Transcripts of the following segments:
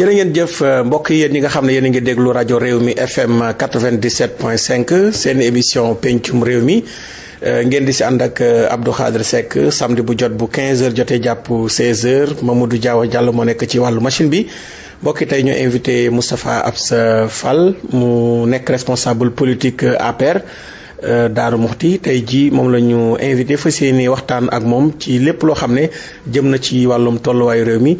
jërë ngeen jëf euh, mbokk yi yéen ñi nga xam ne yéen a ngi déglu rajo réew mi FM 97.5 seen émission pencum réew mi euh, ngeen di si ànd ak euh, Abdou Khadre Seck samedi bu jot bu 15h jotee jàpp 16h Mamadou Diaw Diallo moo nekk ci wàllu machine bi mbokki tey ñu invité Moustapha Absa Fall mu nekk responsable politique APR. Euh, Daaru Muxti tey jii moom la ñu invité fas yéene waxtaan ak moom ci lépp loo xam ne jëm na ci wàllum tolluwaayu réew mi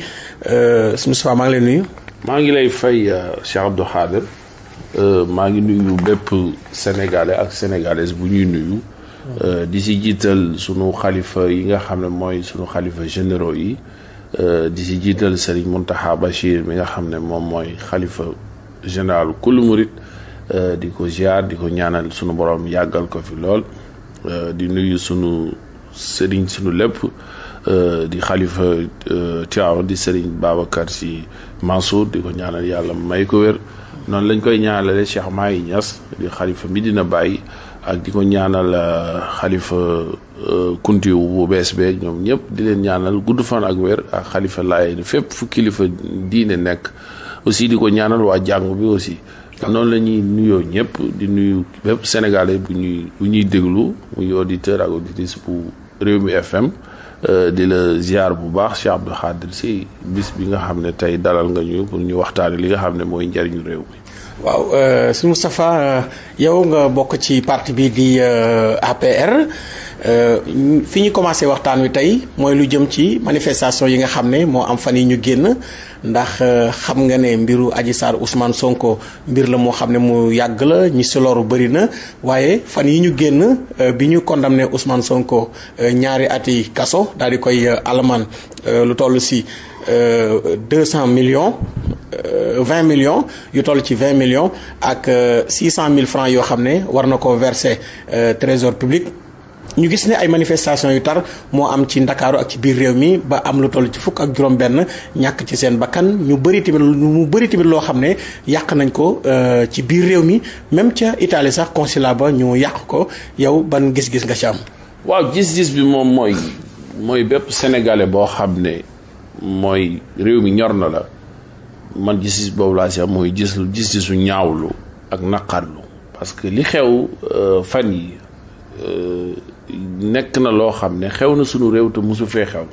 euh, Moustapha maa ngi lay nuyu. maa ngi lay fay euh, Cheikh Abdou Khader maa ngi nuyu bépp sénégalais ak sénégalaise bu ñuy nuyu. di si jiital sunu xalifa yi nga xam ne mooy sunu xalifa généraux yi di si jiital Serigne Mountakha Bachir mi nga xam ne moom mooy xalifa général kulu murit Euh, di ko giar di ko ñaanal sunu boroom yàggal ko fi lool euh, di nuyu sunu sëriñ sunu lépp euh, di xalifa Tiwaawan di sëriñ Babacar Sy Mansour di ko ñaanal yàlla may ko wér noonu lañ koy ñaanale Cheikh Mahi Niass di xalifa Medina bàyyi ak di ko ñaanal xalifa kunti bu bees beeg ñoom ñëpp di leen ñaanal gudd fan ak wér ak xalifa Laayeen fépp fu kilifa diine nekk aussi di ko ñaanal waa jàngu bi aussi noonu la ñuy nuyoo ñëpp di nuyu bépp sénégalais bu ñuy bu ñuy déglu muy auditeur ak auditrice bu réew Rewmi FM euh, di la ziar bu baax Cheikh Abdou Khadir bis bi nga xam ne tey dalal nga ñu pour ñu waxtaane li nga xam ne mooy njariñu réew mi waaw euh, si Moustapha euh, yow nga bokk ci parti bii di APR fi ñu commencé waxtaan wi tey mooy lu jëm ci manifestation yi nga xam ne moo am fan yi ñu génn ndax euh, xam nga ne mbiru Adji Sarr Ousmane Sonko mbir la moo xam ne mu yàgg la ñi si loru bëri na waaye fan yi ñu génn euh, bi ñu condamné Ousmane Sonko euh, ñaari ati kaso daal di koy alamaan lu toll si deux cent millions. 20 millions yu toll ci 20 millions ak 600 000 francs yoo xam ne war na ko verser trésor publique ñu gis ne ay manifestation yu tar moo am ci ndakaaru ak ci biir réew mi ba am lu toll ci fukk ak juróom benn ñàkk ci seen bakkan ñu bari tamit mu bëri tamit loo xam ne yàq nañ ko euh, ci biir réew mi même ca Italie sax consulat ba ñu yàq ko yow ban gis-gis nga ci am waaw gis bi moom mooy mooy bépp sénégalais boo xam ne mooy réew mi ñor na la man gis-gis boobu laa si mooy gis gis-gisu ñaawlu ak naqarlu parce que li xew euh, fan yi euh, nekk na loo xam ne xew na sunu réew te mosu fee xew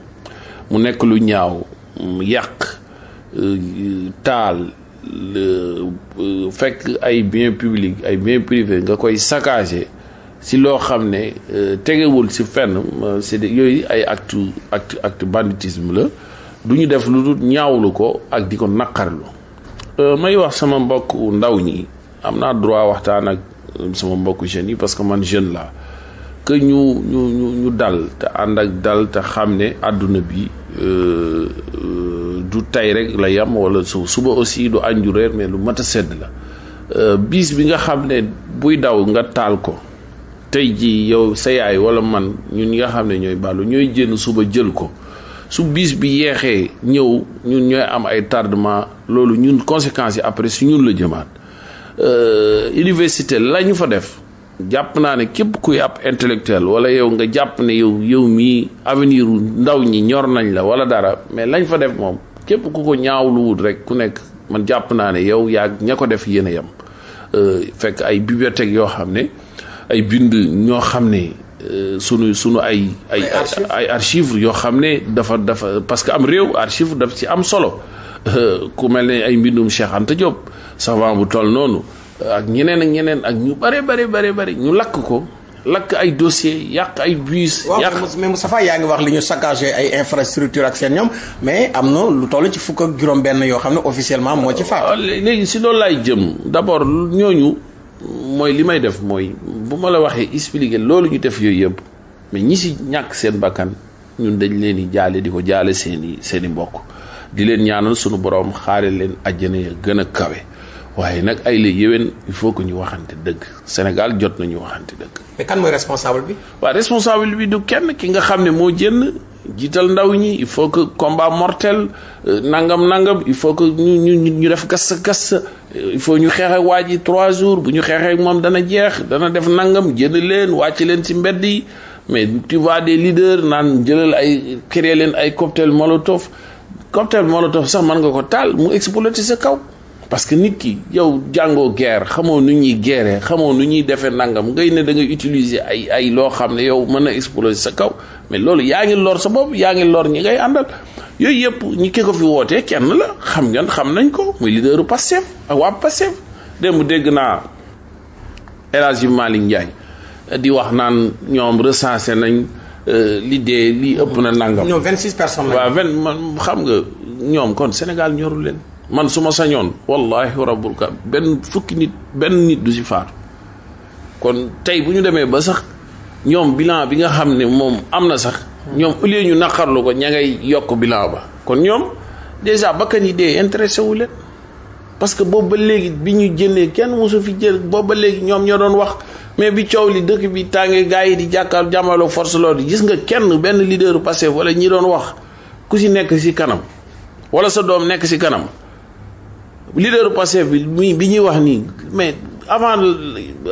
mu nekk lu ñaaw yàq euh, taal euh, fekk ay bien public ay bien privé nga koy saccagé si loo xam ne euh, tegewul si fenn c'est yooyu ay acte acte acte banditisme la du ñu def lu dul ñaawlu ko ak di ko naqarlu may wax sama mbokk ndaw ñi am naa droit waxtaan ak sama mbokk jeunes yi parce que man jeune laa que ñu ñu ñu ñu dal te ànd ak dal te xam ne àdduna bi euh, euh, du tey rek la yam wala su suba aussi du ànju reer mais lu mat a sedd la euh, bis bi nga xam ne buy daw nga taal ko tey ji yow sa yaay wala man ñun ñi nga xam ne ñooy bàllu ñooy jénn suba jël ko su bis bi yeexee ñëw ñun ñooy am ay tardement loolu ñun conséquence yi après su ñun la jëmaat université la ñu fa def jàpp naa ne képp kuy ab intellectuel wala yow nga jàpp ne yow yow mii avenir ndaw ñi ñor nañ la wala dara mais lañ fa def moom képp ku ko wut rek ku nekk man jàpp naa ne yow yaa ña ko def yéen a yem euh, fekk ay bibliothèque yoo xam ne ay bind ñoo xam ne euh, sunu sunu ay ay ay archive yoo xam ne dafa dafa parce que am réew archive daf ci am solo euh, ku mel ne ay mbindum Cheikh Anta Diop savant bu toll noonu ak ñeneen ak ak ñu bare bare bare bare ñu lakk ko lakk ay dossier yàq ay bus. yàq mais Moustapha yaa ngi wax li ñu saccagé ay infrastructure ak seen ñoom mais am na lu toll ci fukk ak juróom-benn yoo xam ne officiellement moo ci faat. léegi si loolu laay jëm d'abord ñooñu mooy li may def mooy bu ma la waxee expliquer loolu ñu def yooyu yëpp mais ñi si ñàkk seen bakkan ñun dañ leen di jaale di ko jaale seen i seen i mbokk di leen ñaanal sunu borom xaare leen àjjana ya gën a kawe. waaye nag ay la yéwén il faut que ñu waxante dëgg Sénégal jot nañu waxante dëgg. mais kan mooy responsable bi. waaw responsable bi du kenn ki nga xam ne moo jënd jiital ndaw ñi il faut que combat mortel euh, nangam nangam il faut que ñu ñu ñu def kassa kassa euh, il faut ñu xeex ak waa ji trois jours bu ñu xeexee ak moom dana jeex dana def nangam jënd leen wàcc leen ci mbedd yi mais tu vois des leaders naan jëlal ay créer leen ay cocktail molotov cocktail molotov sax mën nga ko taal mu exploiter sa kaw. parce que nit ki yow jàngoo guerre xamoo nu ñuy guerre xamoo nu ñuy defee nangam ngay ne dangay utiliser ay ay loo xam ne yow mën na exploser sa kaw mais loolu yaa ngi lor sa bopp yaa ngi lor ñi ngay àndal yooyu yëpp ñi ko fi wootee kenn la xam ngeen xam nañ ko muy leaderu Pastef ak waa Pastef démb dégg naa El Hadji Malick eh, di wax naan ñoom recensé nañ eh, li dee li ëpp na nangam. ñoom 26 personnes la waaw man xam nga ñoom kon Sénégal ñorul leen. man su ma sañoon wallahi rabbul ka benn fukki nit benn nit du si faatu kon tey bu ñu demee ba sax ñoom bilan bi nga xam ne moom am na sax ñoom au lieu ñu naqarlu ko ña ngay yokk bilan ba kon ñoom déjà bakkan yi dee intéressé wu leen parce que boobu ba léegi bi ñu jëlee kenn mosu fi jël boobu ba léegi ñoom ñoo doon wax mais bi coow li dëkk bi tàngee gars yi di jàkkaar jàmmaloo force loolu gis nga kenn benn leader passé wala ñi doon wax ku si nekk si kanam wala sa doom nekk si kanam leader Pastef bi muy bi ñuy wax nii mais avant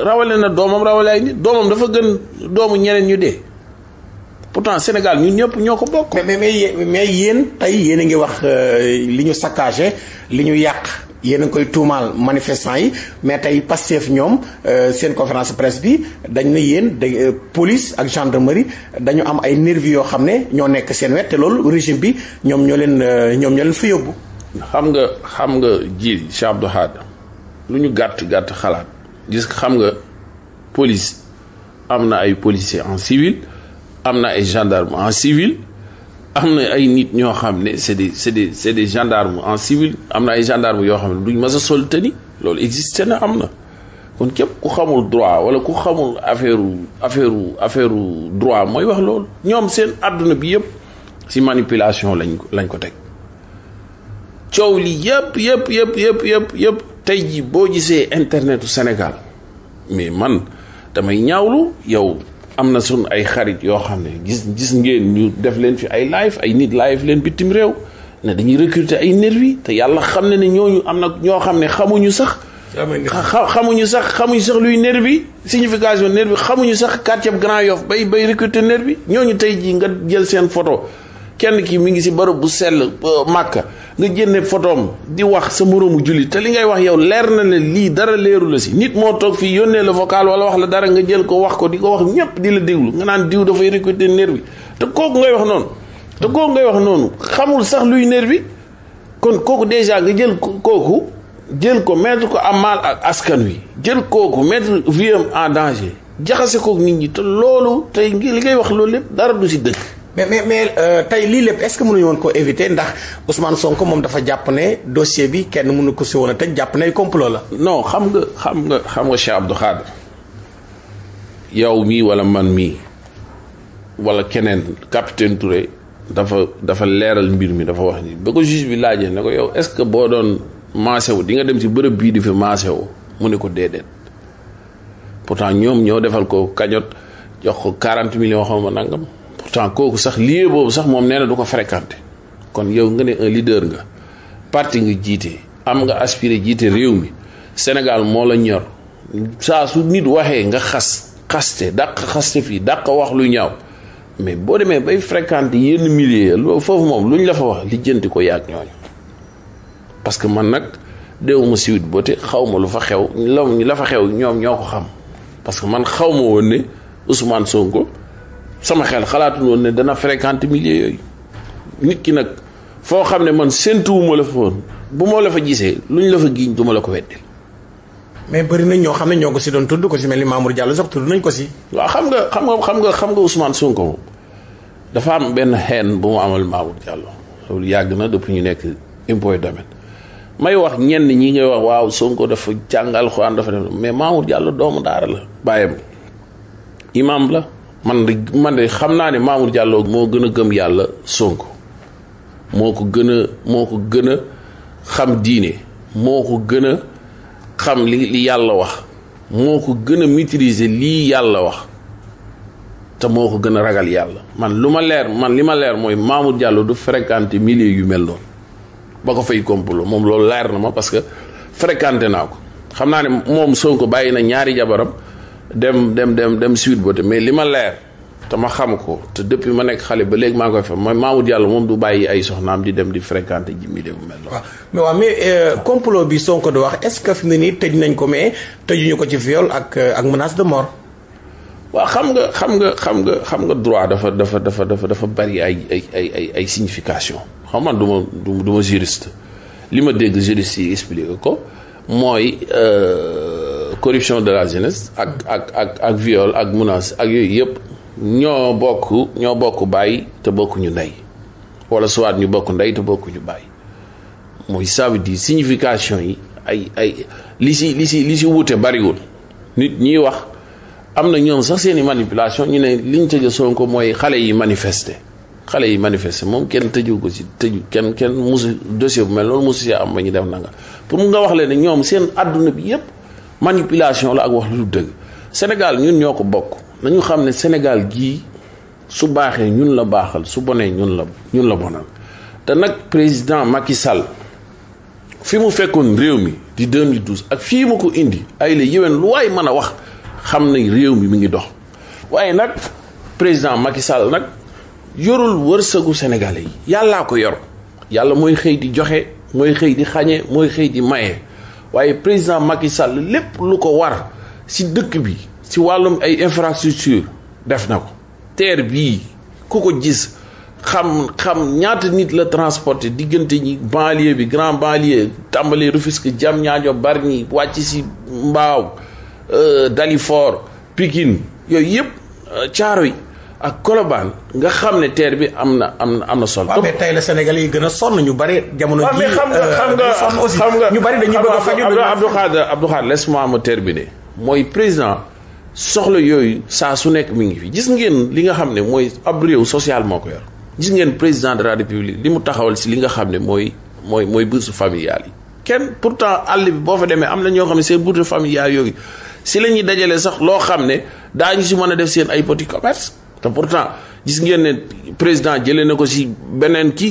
rawale na doomam rawale ay doomam dafa gën doomu ñeneen ñu dee pourtant Sénégal ñun ñëpp ñoo ko bokk. mais mais mais yéen tey yéen a ngi wax euh, li ñu saccagé li ñu yàq yéen a koy tuumaal manifestant yi mais tey Pastef ñoom euh, seen conférence presse bi dañ ne yéen de euh, police ak gendarmerie dañu am ay nervis yoo xam ne ñoo nekk seen wet te loolu régime bi ñoom ñoo leen ñoom ñoo leen fa yóbbu. xam nga xam nga ji Cheikh Abdou Khad lu ñu gàtt gàtt xalaat gis xam nga police am na ay policiers en civil am na ay gendarmes en am na ay nit ñoo xam ne c'est des c'est des c'est des gendarmes en civil am na ay gendarmes yoo xam ne duñ mas a sol tenue loolu existe na am na kon képp ku xamul droit wala ku xamul affaire affaire affaire droit mooy wax loolu ñoom seen àdduna bi yëpp si manipulation lañ ko lañ ko teg. coow lii yëpp yëpp yëpp yëpp yëpp yëpp tey ji boo gisee internetu senegal mais man damay ñaawlu yow am na suñ ay xarit yoo xam ne gis gis ngeen ñu def leen fi ay live ay nit live leen bitim réew ne dañuy recruter ay nervi te yàlla xam ne ne ñooñu am na ñoo xam ne xamuñu sax xamuñu sax xamuñu sax luy nervi signification nervi xamuñu sax quartier Grand Yoff bay bay recruter nervi ñooñu tey ji nga jël seen photo kenn ki mu ngi si barab bu sell Màkka nga génne photoom di wax sa moroomu jullit te li ngay wax yow leer na ne lii dara leeru la si nit moo toog fii yónnee la vocal wala wax la dara nga jël ko wax ko di ko wax ñépp di la déglu nga naan diw dafay recruter nervi te kooku ngay wax noonu te kooku ngay wax noonu xamul sax luy nervi kon kooku déjà nga jël kooku jël ko mettre ko am mal ak askan wi jël kooku mettre vie am en danger jaxase kook nit ñi te loolu tey li ngay wax loolu lépp dara du si mais mais mais euh, tey lii lépp est-ce que mënuñu woon ko éviter ndax Ousmane sonk moom dafa jàpp ne dossier bi kenn mënu ko si woon a tëj jàpp ne complot la. non xam nga xam nga xam nga Cheikh Abdou Khadre yow mii wala man mii wala keneen capitaine Touré dafa dafa leeral mbir mi dafa wax ni ba ko juge bi laajee ne ko yow est-ce que boo doon maase wu di nga dem ci bërëb bii di fi maase wu mu ne ko déedéet pourtant ñoom ñëw defal ko kañot jox ko quarante millions xaw ma nangam. pourtant kooku sax lieu boobu sax moom nee na du ko fréquenté kon yow nga ne un leader nga parti nga jiite am nga aspiré jiite réew mi Sénégal moo la ñor saa su nit waxee nga xas xaste dàq xaste fii dàq wax lu ñaaw mais boo demee bay fréquenté yenn milliers loolu foofu moom lu ñu la fa wax lijjanti ko yaag ñooñu parce que man nag déwuma siwit boote xaw ma lu fa xew la la fa xew ñoom ñoo ko xam parce que man xaw ma woon ne Ousmane Sonko sama xel xalaatu woon ne dana fréquenter milieu yooyu nit ki nag foo xam ne man séentuwuma la woon bu moo la fa gisee ñu la fa giiñ du la ko weddil mais bari na ñoo xam ne ñoo ko si doon tudd ko si mel ni Mamour Diallo sax tudd ko si. waaw xam nga xam nga xam nga xam nga Ousmane Sonko moom dafa am benn xeen bu mu amal Mamour Diallo loolu yàgg na dëpp ñu nekk impôt domaine may wax ñenn ñi ngay wax waaw Sonko dafa jàngal Alxuraan dafa def mais Mamour Diallo doomu daara la bàyyam imam la. man de man de xam naa ne Mamour Diallo moo gën a gëm yàlla Sonko moo ko gën a moo ko gën a xam diine moo ko gën a xam li yàlla wax moo ko gën a maîtriser lii yàlla wax te moo ko gën a ragal yàlla man lu ma leer man li ma leer mooy Mamour Diallo du fréquenter milieu yu mel noonu ba ko fay complot moom loolu leer na ma parce que fréquenté naa ko xam naa ne moom Sonko bàyyi na ñaari jabaram dem dem dem dem Sweet Beauté mais li ma leer te ma xam ko te depuis ma nekk xale ba léegi maa ngi koy fa mooy Mamour Diallo moom du bàyyi ay soxnaam di dem di fréquenter ji milieu bu mel noonu. mais waaw mais euh, bi Sonko di wax est-ce que fi mu nii tëj nañ ko mais tëjuñu ko ci viol ak euh, ak menace de waaw xam nga xam nga xam nga xam nga droit dafa dafa dafa dafa dafa bari ay ay ay ay ay signification xam man du ma du li ma dégg juriste yi expliqué ko mooy. Euh, corruption de la jeunesse ak ak ak ak viol ak menace ak yooyu yëpp ñoo bokk ñoo bokk bàyyi te bokkuñu ndey wala soit ñu bokk ndey te bokkuñu bàyyi mooy ça veut dire yi ay ay li si li si li si wuute bariwul nit ñiy wax am na ñoom sax seeni manipulation ñu ne li ñu tëj Sonko mooy xale yi manifester xale yi manifester moom kenn tëju ko si tëju kenn kenn musu dossier bu mel loolu musu si am ba ñu def nanga pour mu nga wax leen ne ñoom seen àdduna bi yépp manipulation la ak wax lu dëgg Sénégal ñun ñoo ko bokk nañu xam ne Sénégal gii su baaxee ñun la baaxal su bonee ñun la ñun la bonal te nag président Macky Sall fi mu fekkoon réew mi di 2012 ak fii mu ko indi ay yéwén lu waaye mën a wax xam na réew mi mi ngi dox waaye nag président Macky Sall nag yorul wërsëgu sénégalais yi yàllaa ko yor yàlla mooy xëy di joxe mooy xëy di xañe mooy xëy di maye. waaye président Macky Sall lépp lu ko war si dëkk bi si wàllum ay infrastructure def na ko terre bii ku ko gis xam xam ñaata nit la transporté diggante ñi banlieue bi grand banlieue tàmbalee Rufisque Diamniadio Bargny wàcc si Mbao euh, Dalifort Pikine yooyu yëpp euh, caaro yi ak Colobane nga xam ne terre bi am na am na am na solo. tey la Sénégal yi gën a sonn ñu bari. jamono ji xam nga euh, xam nga sonn aussi ñu bari dañuy bëgg a faju Abdou Khadre Abdou Khadre laisse mooy président soxla yooyu saa su nekk mu ngi fi gis ngeen li nga xam ne mooy ab réew social moo ko yor. ngeen président de la république li mu taxawal si li nga xam ne mooy mooy mooy bourse familiale yi. kenn pourtant àll bi boo fa demee am na ñoo xam ne seen bourse familiale yooyu si la ñuy dajale sax loo xam ne daañu si mën a def seen ay petit te pourtant gis ngeen ne président jëlee na ko si beneen ki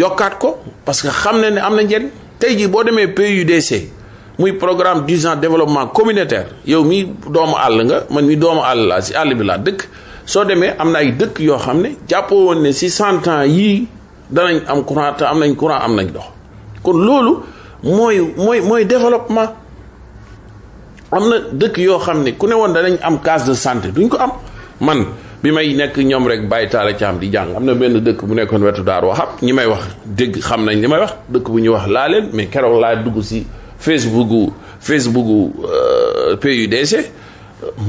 yokkaat ko parce que xam na ne am na njëriñ tey jii boo demee yu PUDC muy programme d'urgence développement communautaire yow mi doomu àll nga man mi doomu àll laa si àll bi laa dëkk soo demee am na ay dëkk yoo xam ne jàppoo woon ne si cent yii danañ am courant te am nañ courant am nañ dox kon loolu mooy mooy mooy développement am na dëkk yoo xam ne ku ne woon danañ am case de santé duñ ko am man bi may nekk ñoom rek bàyyi taala caam di jàng am na benn dëkk bu nekkoon wetu daar waxam ñi may wax dëgg xam nañ li may wax dëkk bu ñuy wax laa leen mais keroog laa dugg si Facebooku Facebooku euh, PUDC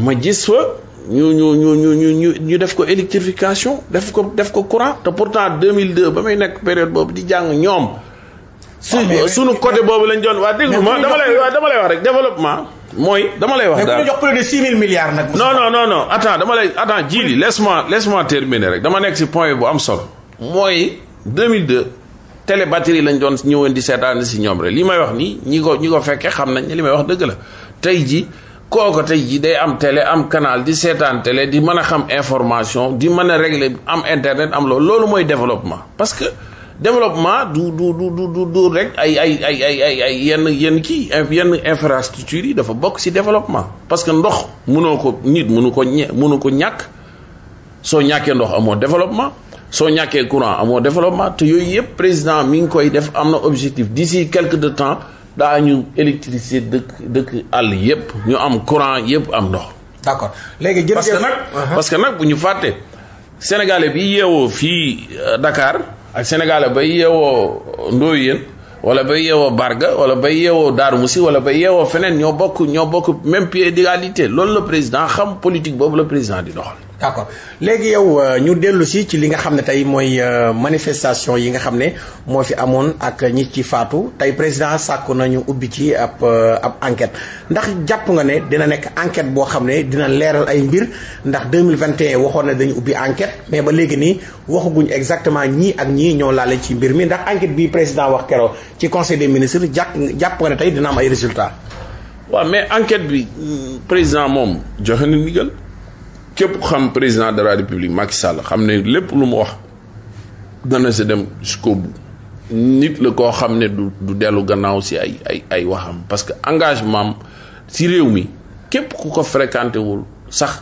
ma gis fa ñu ñu ñu ñu ñu ñu ñu def ko électrification def ko def ko courant te pourtant 2002 ba may nekk période boobu di jàng ñoom. Ah, su suñu côté boobu lañ doon waa déglu ma dama lay wax rek développement. mooy dama lay wax. daal mais jox plus de 6000 milliards nag. non non non non attends dama lay attends jiili laisse-moi laisse terminer rek dama nekk si point bu am solo. mooy deux télé batterie lañ doon ñëwoon di seetaan si ñoom rek li may wax nii ñi ko ñi ko fekkee xam nañ li may wax dëgg la tey ji kooko tey jii day am télé am canal di seetaan télé di mën a xam information di mën a régler am internet am loolu loolu mooy développement parce que. développement du du du du du rek ay ay ay ay ay ay yenn yenn kii yenn infrastructure yi dafa bokk si développement parce que ndox munoo ko nit mënu ko ñe mënu ko ñàkk soo ñàkkee ndox amoo développement soo ñàkkee courant amoo développement te yooyu yëpp président mi ngi koy def am na objectif di si quelque de temps daa ñu électricité dëkk dëkk àll yëpp ñu am courant yëpp am ndox. d'accord léegi jërëjëf nag parce que nag bu ñu fàtte sénégalais bi yeewoo fii euh, Dakar. ak sénégalais bay yeewoo Ndoyeen wala bay yeewoo Barga wala bay yeewoo Darou Moussi wala bay yeewoo feneen ñoo bokk ñoo bokk même pied d'égalité loolu la président xam politique boobu la président di doxal. d'accord léegi yow euh, ñu dellu si ci li nga xam ne tey mooy euh, manifestation yi nga xam ne moo fi amoon ak ñi ci faatu tey président sàkku nañu ubbi ci ab euh, ab enquête ndax jàpp nga ne dina nekk enquête boo xam ne dina leeral ay mbir ndax 2021 waxoon na dañu ubbi enquête mais ba léegi nii waxaguñ exactement ñii ak ñii ñoo laale ci mbir mi ndax enquête bi président wax keroog ci conseil des ministres jàpp jàpp nga ne tey dina am ay résultat waaw mais enquête bi président moom joxe na ndigal. képp xam président de la république Macky Sall xam ne lépp lu mu wax dana si dem jusqu'au bout nit la koo xam ne du du dellu gannaaw si ay ay ay waxam parce que engagement si réew mi képp ku ko fréquenté wul sax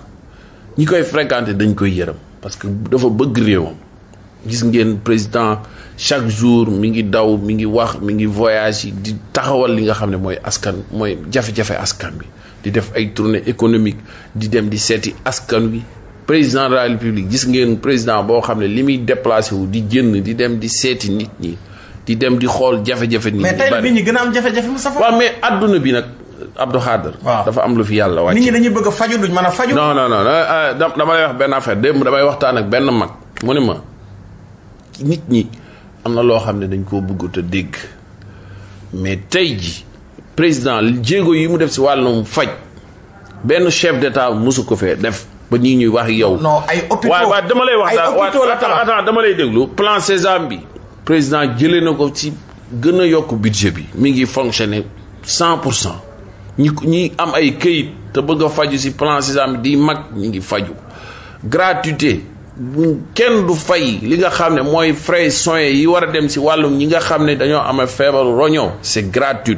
ñi koy fréquenté dañ koy yërëm parce que dafa bëgg réewam gis ngeen président chaque jour mi ngi daw mi ngi wax mi ngi voyage yi di taxawal li nga xam ne mooy askan mooy jafe-jafe askan bi di def ay tournée économique di dem di seeti askan wi président de la république gis ngeen président boo xam ne li muy déplacé wu di génn di dem di seeti nit ñi di dem di xool jafe-jafe. nit ñi ñu gën a am jafe-jafe Moustapha. waaw mais adduna bi nag Abdou Khader. dafa am lu fi yàlla wàcc. nit ñi dañuy bëgg a faju duñ mën a faju. non non non euh, dama lay wax benn affaire démb damay waxtaan ak benn mag mu ne ma nit ñi am na loo xam ne dañ koo bëggut a dégg mais tey ji président jéego yi mu def si wàllum faj benn chef d'état musu ko fee def ba ñii ñuy wax yow. non ay hôpitaux dama lay wax. ay hôpitaux la attends dama lay déglu plan Sésame bi. président jëlee na ko ci gën a yokk budget bi mi ngi fonctionner cent pour cent ñi ko ñi am ay këyit te bëgg a faju si plan bi di mag ñi ngi faju gratuité kenn du fay li nga xam ne mooy frais soins yi war a dem si wàllum ñi nga xam ne dañoo amee feebaru roño c'est gratuit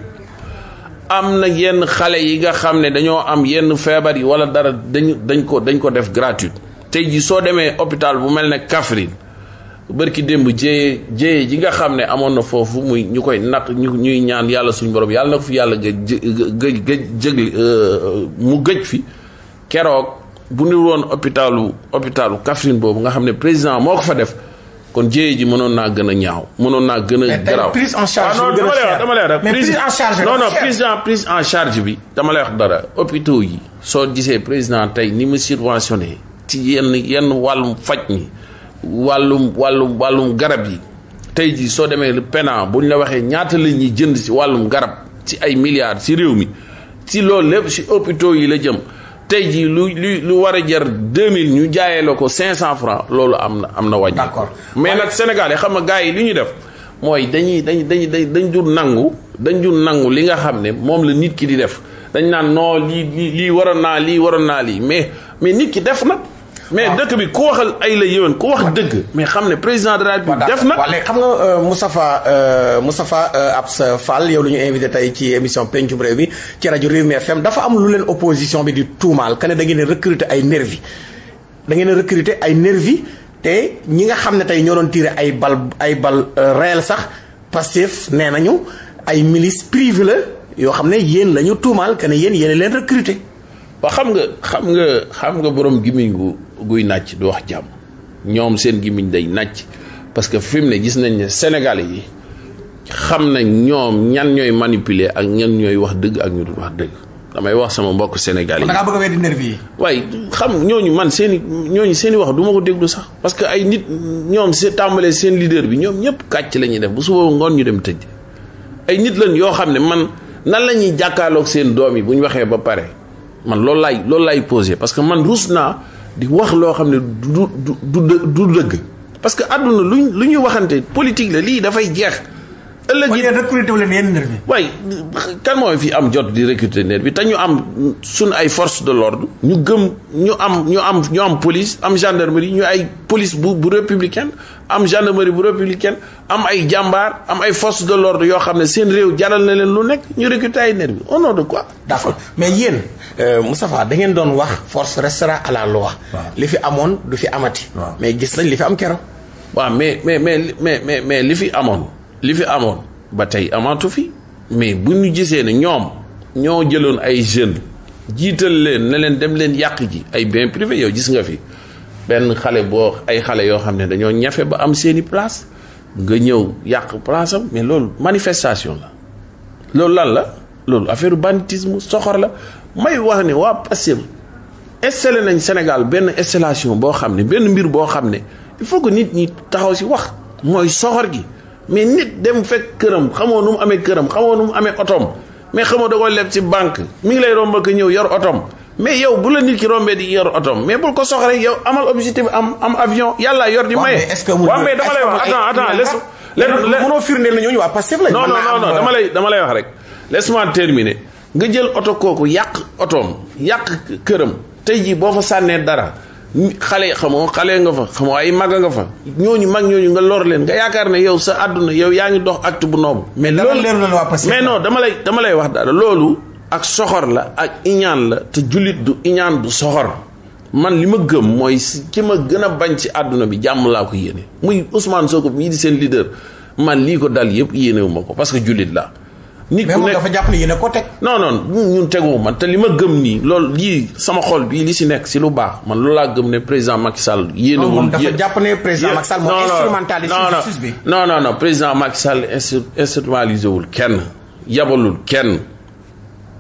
am na yenn xale yi nga xam ne dañoo am yenn feebar yi wala dara dañ dañ ko dañ ko def gratuite tey ji soo demee hôpital bu mel ne bër ki démb jéyee jéyee ji nga xam ne amoon na foofu muy ñu koy naq ñu ñuy ñaan yàlla suñu borom yàlla na ko fi yàlla gëj gëj gëj euh, mu gëj fi keroog bu ñu woon hôpitalu hôpitalu Kaffrine boobu nga xam ne président moo ko fa def kon jéey ji mënoon naa gën a ñaaw mënoon naa gën a. garaaw prise en charge ah non dama lay en charge non non prise en prise bi dama lay wax dara hôpitaux yi soo gisee président tey ni mu subventionné ci yenn yenn wàllum faj mi wàllum wàllum wàllum garab yi tey jii soo demee le PENA bu ñu la waxee ñaata la ñuy jënd ci wàllum garab ci ay milliards ci réew mi ci loolu lépp ci hôpitaux yi la jëm tey jii lu lu lu war a jar 2000 ñu jaayee la ko 500 francs loolu am na am na wàññi. d'accord mais nag Sénégal yi xam nga gars yi li ñu def mooy dañuy dañuy dañuy dañ dañ dul nangu dañ dul nangu li nga xam ne moom la nit ki di def dañ naan non lii lii waroon naa lii waroon naa lii mais mais nit ki def na. mais ah. dëkk bi ku waxal ay la yéwén ku wax dëgg. mais xam ne président de la République def na. waaw xam nga euh, Moustapha euh, Moustapha euh, ab Fall yow la ñu invité tey ci émission pencum réew bi ci rajo Réew mi FM dafa am lu leen opposition bi di tuumaal que ne da ngeen a recruter ay nervi da ngeen a recruter ay nervi te ñi nga xam ne tey ñoo doon tiré ay bal ay bal réel sax Pastef nee nañu ay milice privée la yoo xam ne yéen la ñu tuumaal que ne yéen yéen leen recruter. waa xam nga xam nga xam nga borom gimiñ gu guy nàcc du wax jàmm ñoom seen gimiñ day nàcc parce que fi mu ne gis nañ ne Sénégal yi xam nañ ñoom ñan ñooy manipuler ak ñan ñooy wax dëgg ak ñu dul dëgg damay wax sama mbokk Sénégal yi. da ngaa waaye xam ñooñu man seen i ñu seen i wax duma ko déglu sax parce que ay nit ñoom se tàmbalee seen leader bi ñoom ñëpp kàcc la ñuy def bu suba ngoon ñu dem tëj ay nit lañ yoo xam ne man nan la ñuy jàkkaarloog seen doom yi bu ñu waxee ba pare. man loolu laay loolu laay posé parce que man ruus naa di wax loo xam ne du du du du dëgg parce que lu luñ lu ñuy waxante politique la lii dafay jeex. ëllëg yi recruter wu leen yenn nervi waaye kan mooy fi am jot di recruter nervi te ñu am suñ ay force de l'ordre ñu gëm ñu am ñu am ñu am police am gendarmerie ñu ay police bu bu républicaine am gendarmerie bu républicaine am ay jàmbaar am ay force de l'ordre yoo xam ne seen réew jaral na leen lu nekk ñu recruter ay nervi au nom de quoi. d'accord mais yéen euh, Moustapha da ngeen doon wax force restera à la li fi amoon du fi amati. mais gis nañ li fi am keroog. waaw mais mais mais mais mais li fi amoon. li fi amoon ba tey amaatu fi mais bu ñu gisee na ñoom ñoo jëloon ay jeunes jiital leen ne leen dem leen yàq ji ay bien privé yow gis nga fi benn xale boo ay xale yoo xam ne dañoo ñafe ba am seeni place nga ñëw yàq place mais loolu manifestation la loolu lan la loolu affaire banditisme soxor la may wax ne waa Pastef installé nañ Sénégal benn installation boo xam ne benn mbir boo xam ne il faut que nit ñi taxaw si wax mooy soxor gi mais nit dem fekk këram xamoo nu mu amee këram xamoo nu mu amee otoom mais xamoo da ko leb ci banque mi ngi lay romb ak ñëw yor otoom mais yow bu la nit rombee di yor otoom mais bul ko sox rek yow amal objectif am am avion yàlla yor di maye. waaw mais dama lay wax attends attends laisse. léegi mënoo firndeel na ñooñu waa Pastef lañ. non non dama lay dama rek. laisse-moi terminer nga jël oto kooku yàq otoom yàq këram tey jii boo fa sànnee dara. xale xamoo xale nga fa xamoo ay mag nga fa ñooñu mag ñooñu nga lor leen nga yaakaar ne yow sa àdduna yow yaa ngi dox acte bu noobu. mais loolu mais non dama lay dama lay wax dara loolu ak soxor la ak iñaan la te jullit du iñaan du soxor man li ma gëm mooy si ci ma gën a bañ ci àdduna bi jàmm laa ko yéene muy Ousmane Sonko mii di seen leader man lii ko dal yëpp yéenewuma ko parce que jullit la nit ku nekk dafa jàpp ni yéen ko teg. non non ñun tegu man te li ma gëm nii loolu lii sama xol bii li si nekk si lu baax man loolu laa gëm ne président Macky Sall. yéen a woon dafa jàpp ne président Macky Sall moo instrumentalisé justice bi non non non président Macky Sall instrumentalisé wul kenn yabalul kenn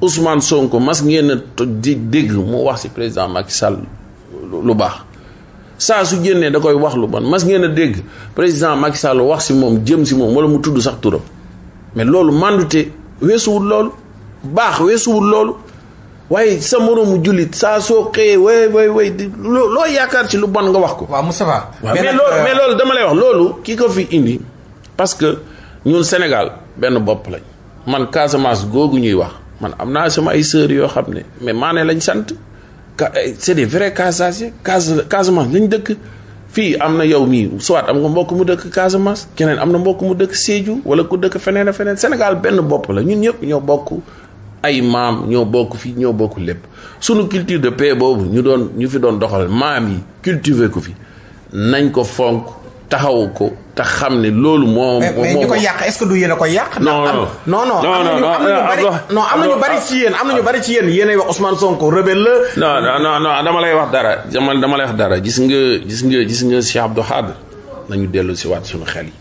Ousmane Sonko mas ngeen a di dégg mu wax si président Macky Sall lu baax. saa su génnee da koy wax lu bon mas ngeen a dégg président Macky Sall wax si moom jëm si moom wala mu tudd sax turam. mais loolu màndute weesuwul loolu baax weesuwul loolu waaye sa moroomu jullit saa soo xëyee way way way loo loo yaakaar ci lu bon nga wax ko. waaw Moustapha. Euh, mais loolu mais dama lay wax loolu ki ko fi indi parce que ñun Sénégal benn bopp lañ man Casamance googu ñuy wax man am naa sama ay sœurs yoo xam ne mais maa ne lañ sant eh, c'est des vrais Casasiens Casamance lañ dëkk. fii am na yow mii soit am nga mbokk mu dëkk Casamance keneen am na mbokk mu dëkk Sédhiou wala ku dëkk feneen a feneen senegal benn bopp la ñun ñëpp ñoo bokk ay maam ñoo bokk fii ñoo bokk lépp sunu culture de paix boobu ñu doon ñu fi doon doxal maam yi cultiver ko fi nañ ko fonk. taxawu ko te xam ne loolu moo. moo ko yàq est-ce que du yéen a ko yàq. non non non non am na ñu euh, ah, ah, bari ci yéen am na ñu bari ci yéen yéenay wax Ousmane Sonko rebelle la. non non dama lay wax dara dama dama lay wax dara gis nga gis nga gis nga Cheikh Abdou Khadre nañu dellu si waat suñu xel yi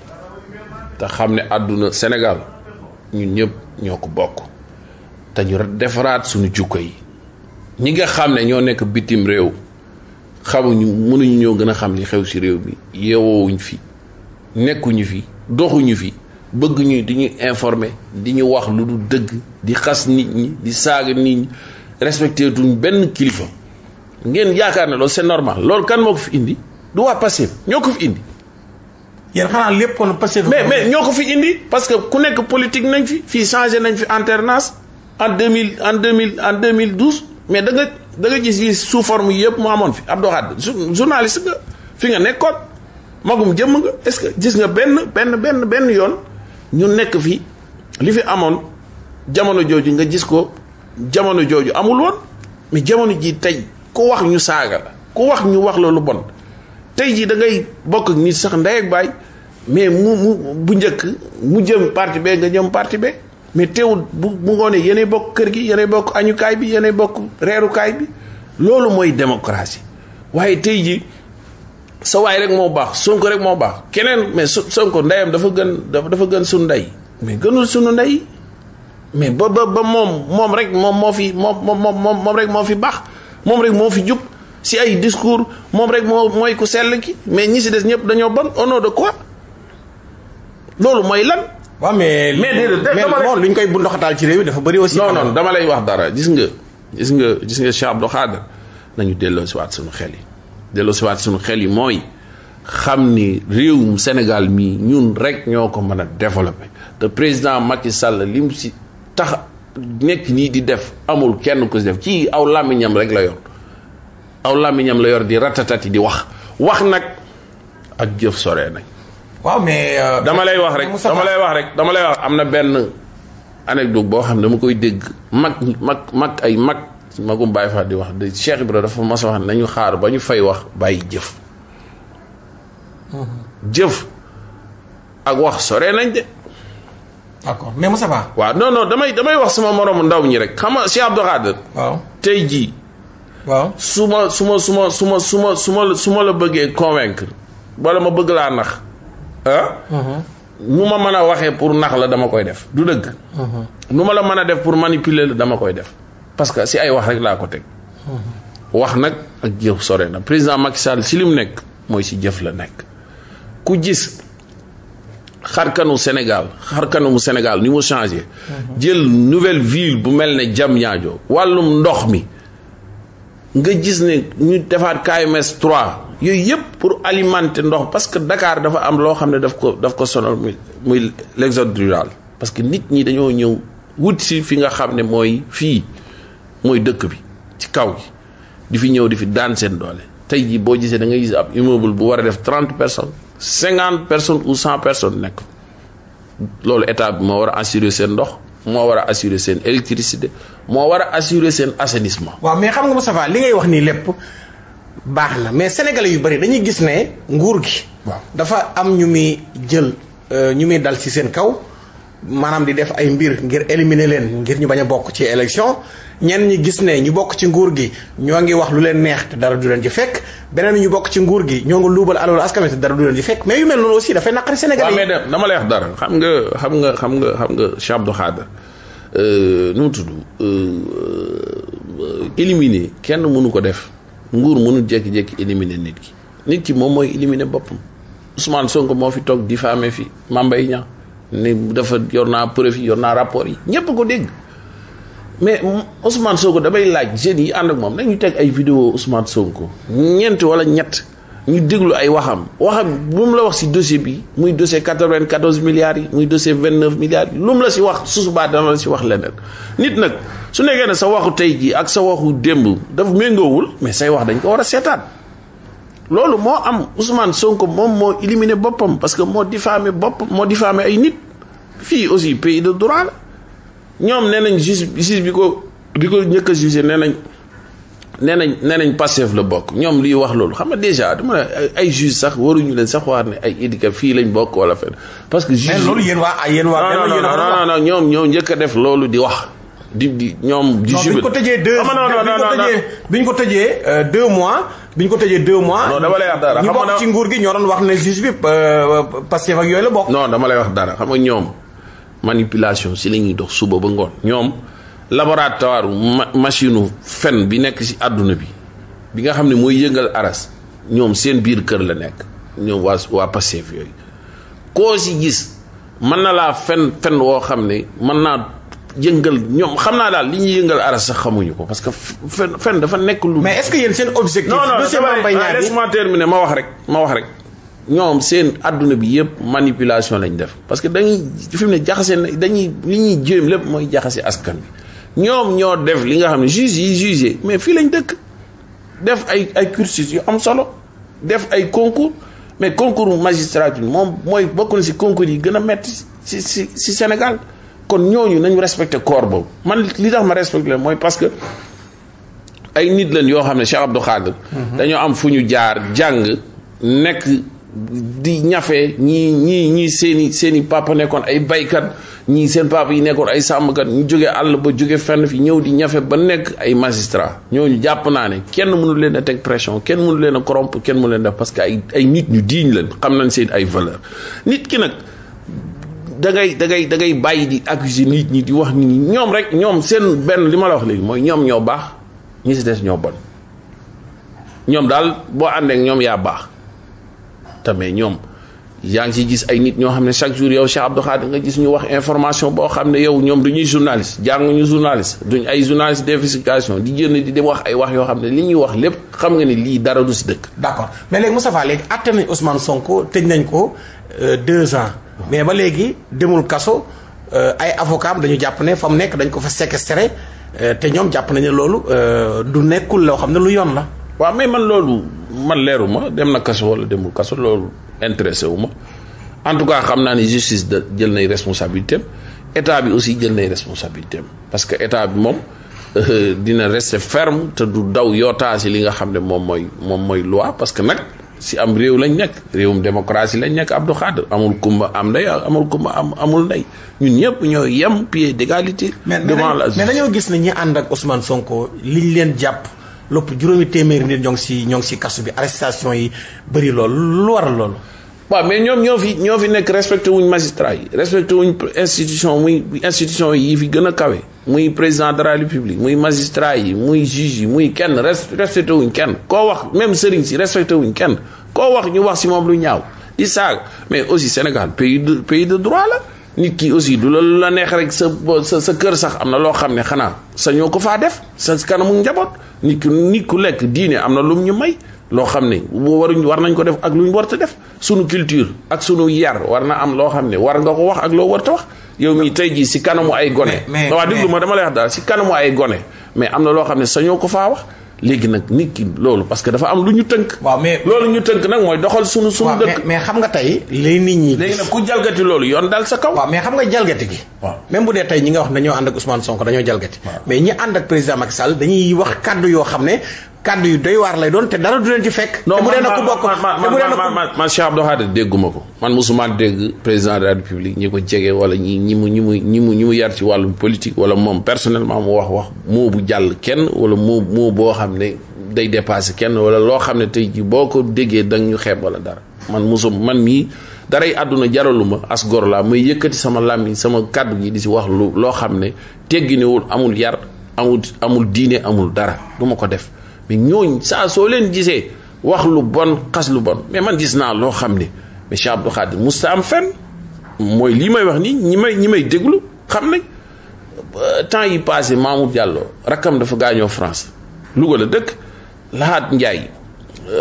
te xam ne àdduna senegal ñun ñëpp ñoo ko bokk te ñu defaraat suñu jukko yi ñi nga xam ne ñoo nekk bitim réew. xamuñu mënuñu ñoo gën a xam li xew ci réew mi yewoowuñ fi nekkuñu fi doxuñu fi bëgg ñu di ñuy informer di ñu wax lu du dëgg di xas nit ñi di saaga nit ñi respecté benn kilifa ngeen yaakaar ne loolu c'est normal loolu kan moo ko fi indi du waa Pastef ñoo fi indi. yéen xanaa lépp kon Pastef mais mais ñoo ko fi indi parce que ku nekk politique nañ fi fii changé nañ fi alternance en deux mille en deux mille en deux mille douze mais da da gis yi sous forme yëpp mu amoon fi Abdou Khadre journaliste nga fi nga nekkoon magum jëmm nga est-ce que gis nga benn benn benn benn yoon ñu nekk fi li fi amoon jamono jooju nga gis ko jamono jooju amul woon mais jamono ji tey ku wax ñu saaga la ku wax ñu wax la lu bon tey jii da ngay bokk ak nit sax ndey ak baay mais mu mu bu njëkk mu jëm parti be nga jëm parti be mais teewul bu bu ngoonee yeneen bokk kër gi yeneen bokk añukaay bi yeneen bokk reerukaay bi loolu mooy démocratie waaye tey ji sa waay rek moo baax Sonko rek moo baax keneen mais Sonko ndeyam dafa gën dafa gën suñu nday mais gënul suñu ndey mais ba ba ba moom moom rek moom moo fi moom moom moom rek moo fi baax moom rek moo fi jub si ay discours moom rek moo mooy ku sell ki mais ñi si des ñëpp dañoo bon au nom ko quoi loolu mooy lan. waaw mais mais déedéet mais bon lu ñu koy bundoxataal ci réew mi dafa bëri aussi. non non dama lay wax dara gis nga gis nga gis nga Cheikh Abdou Khadre nañu delloo si waat suñu xel yi delloo si waat xel yi mooy xam ni réewum Sénégal mii ñun rek ñoo ko mën a développé te président Macky Sall li mu si tax nekk nii di def amul kenn ko si def ci aw làmmiñam rek la yor aw làmmiñam la yor di ratatati di wax wax nag ak jëf soree nañ waaw mais. Euh, dama lay wax rek dama lay wax rek dama lay am na benn anecdote boo xam ne dama koy dégg mag mag mag ay mag magum Baye Fall di wax de Cheikh Ibra dafa mas a wax nañu xaar ba ñu fay wax bàyyi jëf. Mhm. jëf ak wax sore nañ de. waaw non damay damay wax suma moromu ndaw ñi rek xam nga Cheikh Abdou Khader. waaw tey jii. waaw suma suma suma ma su ma suma ma su ma su ma la bëggee convaincre wala ma bëgg laa nax. ah. nu ma mën a waxee pour nax la dama koy def du dëgg. nu ma la mën a def pour manipuler la dama koy def parce que si ay wax rek laa ko teg. wax nag ak jëf sore na président Macky Sall si lim nekk mooy si jëf la nekk ku gis xarkanu Sénégal xarkanu mu Sénégal ni mu changé. jël nouvelle ville bu mel ne Diamniadio wàllum ndox mi nga gis ne ñu defaat KMS 3 yooyu yëpp pour alimenter ndox parce que Dakar dafa am loo xam ne daf ko daf ko sonal muy muy l'exode rural parce que nit ñi dañoo ñëw wut si fi nga xam ne mooy fii mooy dëkk bi ci kaw gi di fi ñëw di fi daan seen doole tey jii boo gisee da ngay gis ab immeuble bu war a def trente personnes cinquante personnes ou cent personnes nekk loolu état bi moo war a assurer seen ndox moo war a assurer seen électricité moo war a assurer seen assainissement. waaw mais xam nga Moustapha li baax na mais sénégalais yu bari dañuy gis ne nguur gi. dafa am ñu muy jël euh, ñu muy dal ci seen kaw maanaam di def ay mbir ngir éliminer leen ngir ñu bañ a bokk ci élection ñenn ñi gis ne ñu bokk ci nguur gi ñoo ngi wax lu leen neex te dara du leen ci fekk beneen ñu bokk ci nguur gi ñoo ngi luubal alalu askan wi dara du leen ci fekk mais yu mel noonu aussi dafay naqari sénégalais yi. mais dama lay dara xam nga xam nga xam nga xam nga Cheikh Abdou Khadre euh, nu mu tudd euh, éliminer kenn mënu ko def. nguur mënul jékki-jékki éliminer nit ki nit ki moom mooy éliminer boppam Ousmane Sonko moo fi toog diffamé fi Mame Mbaye Niang ni dafa yor naa preuve yor naa rapport yi ñépp ko dégg mais Ousmane Sonko damay laaj jeunes yi ànd ak moom nañu teg ay vidéo Ousmane Sonko ñeent wala ñett ñu déglu ay waxam waxam lu mu la wax ci dossier bi muy dossier quatre-vingt-quatorze milliards yi muy dossier vingt-neuf milliards yi lu mu la si wax su subaa dana la ci wax leneen nit nag su nekkee ne sa waxu tey jii ak sa waxu démb dafa méngoowul mais say wax dañ ko war a seetaan loolu moo am Ousmane Sonko moom moo éliminé boppam parce que moo diffamé bopp moo diffamé ay nit fii aussi pays de droit la ñoom nee nañ justice bi ko di ko ñëkk a jugé nee nañ nee nañ nee nañ Pastef la bokk ñoom liy wax loolu xam nga déjà dama ne ay juge sax waruñu leen sax waar ne ay IDK fii lañ bokk wala fenn parce que. juge yéen waa yéen waa. non non ñoo njëkk a def loolu di wax. di ñoom di. jublu non bi ñu ko tëjee deux. ko tëjee euh, deux mois. bi ñu ko tëjee deux mois. non dama lay wax dara bokk ci nguur gi ñoo wax ne juge bi euh, Pastef ak yooyu la bokk. non dama lay wax dara xam nga ñoom manipulation si la ñuy dox suba ba ngoon ñoom laboratoire machine fen bi nekk ci àdduna bi bi nga xam ne mooy yëngal aras ñoom seen biir kër la nekk ñoom waa waa Pastef yooyu koo si gis mën na laa fen fen woo xam ne mën naa yëngal ñoom xam naa daal li yëngal aras xamuñu ko parce que fen dafa nekk lu. mais est-ce que yéen seen objectif. non non ah, laisse-moi terminer ma wax rek ma wax rek. ñoom seen àdduna bi yëpp manipulation lañ def parce que dañuy fi ne jaxase na dañuy li ñuy jéem lépp mooy jaxase askan bi. ñoom ñoo def li nga xam ne juge yi jugé mais fii lañ dëkk def ay ay cursus yu am solo def ay concours mais concours magistrature moom mooy bokk na si concours yi gën a metti si si si Sénégal kon ñooñu nañu respecté corps boobu man li tax ma respecté leen mooy parce que ay nit lañ yoo xam ne Cheikh Abdou Khadre mm-hmm. dañoo am fu ñu jaar jàng nekk di ñafe ñii ñii ñii seeni seeni papa nekkoon ay baykat ñii seen papa yi nekkoon ay sàmm kat ñu jóge àll ba jóge fenn fii ñëw di ñafe ba nekk ay magistrat ñu jàpp naa ne kenn mënu leen a teg pression kenn mënu leen a corrompre kenn mënu leen def parce que ay ay nit ñu diiñ leen xam nañ seen ay valeur nit ki nag da ngay da ngay bàyyi di accuser nit ñi di wax nit ñi ñoom rek ñoom seen benn li ma la wax léegi mooy ñoom ñoo baax ñu si des ñoo bon ñoom daal boo àndeek ñoom yaa baax tamit ñoom yaa ngi ci gis ay nit ñoo xam ne chaque jour yow Cheikh Abdou Khadre nga gis ñu wax information boo xam ne yow ñoom duñuy journaliste jànguñu journaliste duñ ay journaliste d'investigation di génn di dem wax ay wax yoo xam ne li ñuy wax lépp xam nga ne lii dara du si dëkk. d'accord mais léegi Moustapha léegi àtte nañ Ousmane Sonko tëj nañ ko euh, deux ans mais ba léegi demul kaso euh, ay avocats dañu jàpp ne fa mu nekk dañ ko fa séquestrer euh, te ñoom jàpp nañ ne loolu du nekkul loo xam ne lu yoon la. man leeru ma dem na kaso wala demul kaso loolu intéressé wu ma en tout cas xam naa ni justice da jël nay responsabilité am état bi aussi jël nay responsabilité parce que état bi moom euh, dina rester ferm te du daw yoo si li nga xam ne moom mooy moom mooy loi parce que nag si am réew lañ nekk réewum démocratie lañ nekk Abdou Khadre amul kumba am ndey amul kumba am amul ndey ñun ñëpp ñoo yem pied d'égalité devant la mais dañoo gis ne ñi ànd ak Ousmane Sonko liñ leen jàpp. lopp juróomi téeméeri nit ñoo si ñoo si kasu bi arrestation yi bëri loolu lu waral loolu. waaw mais ñoom ñoo fi ñoo fi nekk respecté wuñ magistrat yi respecté wuñ institution muy institution yi fi gën a kawe muy président de la république muy magistrat yi muy juge yi muy kenn respecté wuñ kenn koo wax même sëriñ si respecté wuñ kenn koo wax ñu wax si moom lu ñaaw di saag mais aussi Sénégal pays de pays de droit la. nit ki aussi du loolu la neex rek sa sa sa kër sax am na loo xam ne xanaa sa ñoo ko faa def sa kanamu njaboot nit ku nit ku lekk diine am na lu ñu may loo xam ne waruñ war nañ ko def ak luñ warta def sunu culture ak sunu yar war na am loo xam ne war nga ko wax ak loo warta wax yow mii tey jii si kanamu ay gone. mais mais waaw déglu ma dama lay wax daal si kanamu ay gone mais am na loo xam ne sa ñoo ko faa wax. léegi nag nit ki loolu parce que dafa am lu ñu tënk. waaw mais loolu ñu tënk nag mooy doxal suñu suñu dëkk. mais xam nga tey. li nit ñi léegi nag ku jalgati loolu yoon dal sa kaw. waaw mais xam nga jalgati gi. waaw même bu dee tey ñi nga wax dañoo ànd ak Ousmane Sonko dañoo jalgati. mais ñi ànd ak président Macky Sall dañuy wax kàddu yoo xam ne kàddu yu doy waar lay doon te dara du leen ci fekk. te bu dee nag ku bokk te bu dee nag man man man Cheikh Abdou dégguma ko man mosuma dégg président de la république ñi ko jege wala ñi ñi mu ñi mu ñi mu ñi mu yar ci wàllum politique wala moom personnellement mu wax wax moo bu jàll kenn wala moo moo boo xam ne day dépassé kenn wala loo xam ne tey jii boo ko déggee danga ñu xeeb wala dara man mosum man mii. daray àdduna jaraluma as gor laa may yëkkati sama làmmiñ sama kàddu gi di si wax lu loo xam ne tegginewul amul yar amul amul diine amul dara du ma ko def mais ñooñ saa soo leen gisee wax lu bon xas lu bon mais man gis naa loo xam ni mais Cheikh Abdou Khadir musta am fenn mooy lii may wax nii ñi may ñi may déglu xam nañ temps yi passé Mamour jàlloo rakkam dafa gaañoo France Louga la dëkk Lahat Ndiaye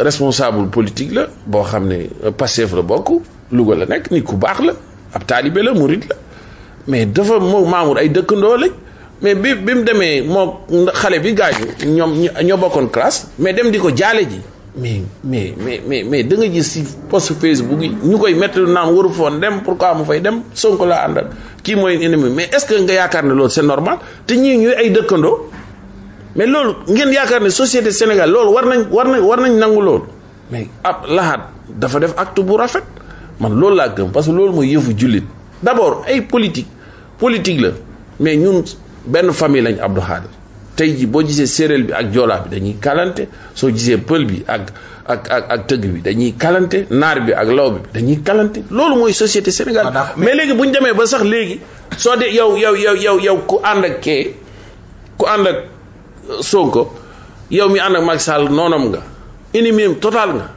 responsable politique la boo xam ne Pastef la bokk Louga la nekk nit ku baax la ab taalibe la murid la mais dafa moo Mamour ay dëkkandoo lañ mais bi bi mu demee moo xale bi gaañu ñoom ñoo bokkoon classe mais dem di ko jaale ji mais mais mais mais mais da nga gis si post Facebook yi ñu koy mettre naan waru foon dem pourquoi mu fay dem Sonko la àndal kii mooy ennemi mais est-ce que nga yaakaar ne loolu c'est normal te ñii ñuy ay dëkkandoo mais loolu ngeen yaakaar ne société Sénégal loolu war nañ war nañ war nañ nangu loolu mais ab laxaat dafa def acte bu rafet man loolu laa gëm parce que loolu mooy yëfu jullit d'abord ay politique politique la mais benn famille lañ Abdou Khadir tey ji boo gisee séeréer bi ak joolaa bi dañuy kalante soo gisee pël bi ak ak ak ak tëgg bi dañuy kalante naar bi ak law bi dañuy kalante loolu mooy société Sénégal ah, mais léegi bu ñu demee ba sax léegi soo de yow yow yow yow yow ku ànd ak kee ku ànd ak Sonko yow mi ànd ak Macky noonam nga ennemi total nga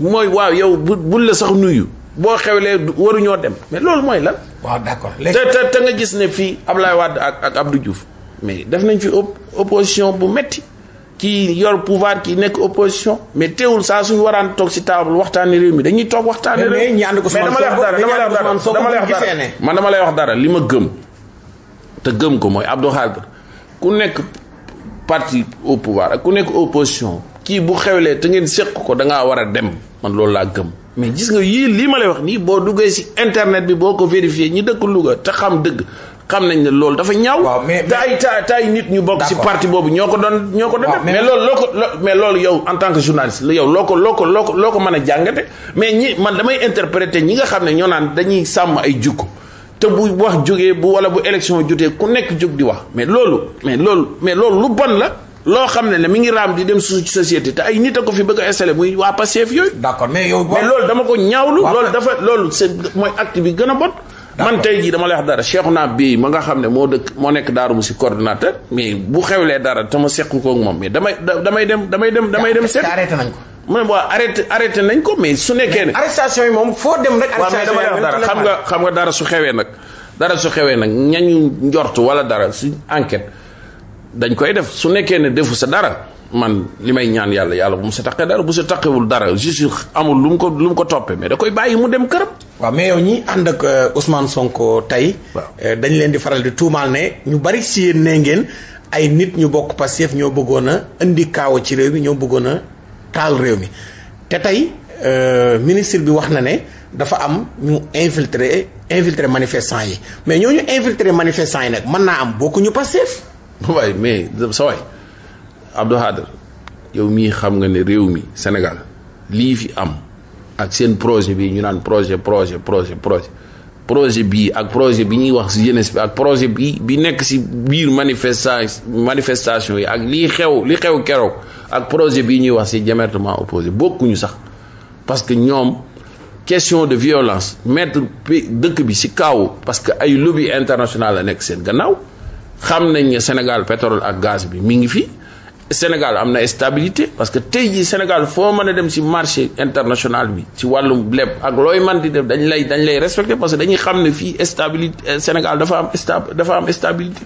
mooy waaw yow bu bul la sax nuyu boo xewlee waruñoo dem mais loolu mooy lan waaw d'accord léegi te te nga gis ne fii Ablaye Wade ak ak Abdou Diouf mais def nañ fi opposition bu metti kii yor pouvoir kii nekk opposition mais teewul saa suñu waraan toog si table waxtaanee réew mi dañuy toog waxtaanee réew mi mais dama lay wax dara dama lay wax lay wax dara li ma gëm te gëm ko mooy Abdou Khadre ku nekk parti au pouvoir ku nekk opposition kii bu xewlee te ngeen séq ko dangaa war a dem man loolu laa gëm. mais gis nga yii lii ma lay wax nii boo duggee si internet bi boo ko vérifié ñi dëkk Louga te xam dëgg xam nañ ne loolu dafa ñaaw. waaw mais te nit ñu bokk. ci parti boobu ñoo ko doon ñoo ko def. mais loolu loo ko mais loolu yow en tant que journaliste yow loo ko loo ko loo ko loo ko mën a jàngate mais ñi man damay interpréter ñi nga xam ne ñoo naan dañuy sàmm ay jukko te bu wax jógee bu wala bu élection jotee ku nekk jóg di wax mais loolu mais loolu mais loolu lu bon la. loo xam ne ne mi ngi raam di dem suuf ci société te ay nit a ko fi bëgg a muy waa Pastef yooyu. d'accord mais yow. mais loolu dama ko ñaawlu. loolu dafa loolu c'est mooy act bi gën a bon. man tey jii dama lay wax dara Cheikhouna bii ma nga xam ne moo dëkk moo nekk Darou Moussi coordonnateur mais bu xewlee dara te ma seq ko ak moom mais damay damay dem damay dem damay dem. seq arrêté nañ ko. mu ne waa arrêté arrêté nañ ko mais su nekkee ne. arrestation yi moom foo dem rek. arrestation yi dara xam nga xam nga dara su xewee nag. dara su xewee nag ñañu njort wala dara su enquête dañ koy def su nekkee ne defu sa dara man li may ñaan yàlla yàlla bu mu sa taqee dara bu sa taqewul dara juste amul lu mu ko lu mu ko toppee mais da koy bàyyi mu dem këram. waa mais yow ñi ànd ak euh, Ousmane Sonko tey. Euh, dañ leen di faral di tuumaal ne ñu bari si yéen ngeen ay nit ñu bokk Pastef ñoo bëggoon a indi kaawa ci réew mi ñoo bëggoon a réew mi te tey euh, ministre bi wax na ne dafa am ñu infiltre infiltrer manifestants yi mais ñooñu infiltrer manifestants yi nag mën naa am bokkuñu Pastef. waaye mais sa waay Abdou yow mii xam nga ne réew mi Sénégal lii fi am ak seen projet bi ñu naan projet projet projet projet projet bii ak projet bi ñuy wax si jeunesse ak projet bi bi nekk si biir manifesta manifestation yi ak lii xew li xew keroog ak projet bii ñuy wax si diamétralement opposé bokkuñu sax parce que ñoom question de violence pi dëkk bi si kaw parce que ay lobby international la nekk seen gannaaw xam nañ ne Sénégal pétrole ak gaz bi mi ngi fi Sénégal am na stabilité parce que tey jii Sénégal foo mën a dem si marché international bi si wàllum leb ak looy man di def dañ lay dañ lay respecté parce que dañuy xam ne fii stabilité euh, Sénégal dafa am sta dafa am stabilité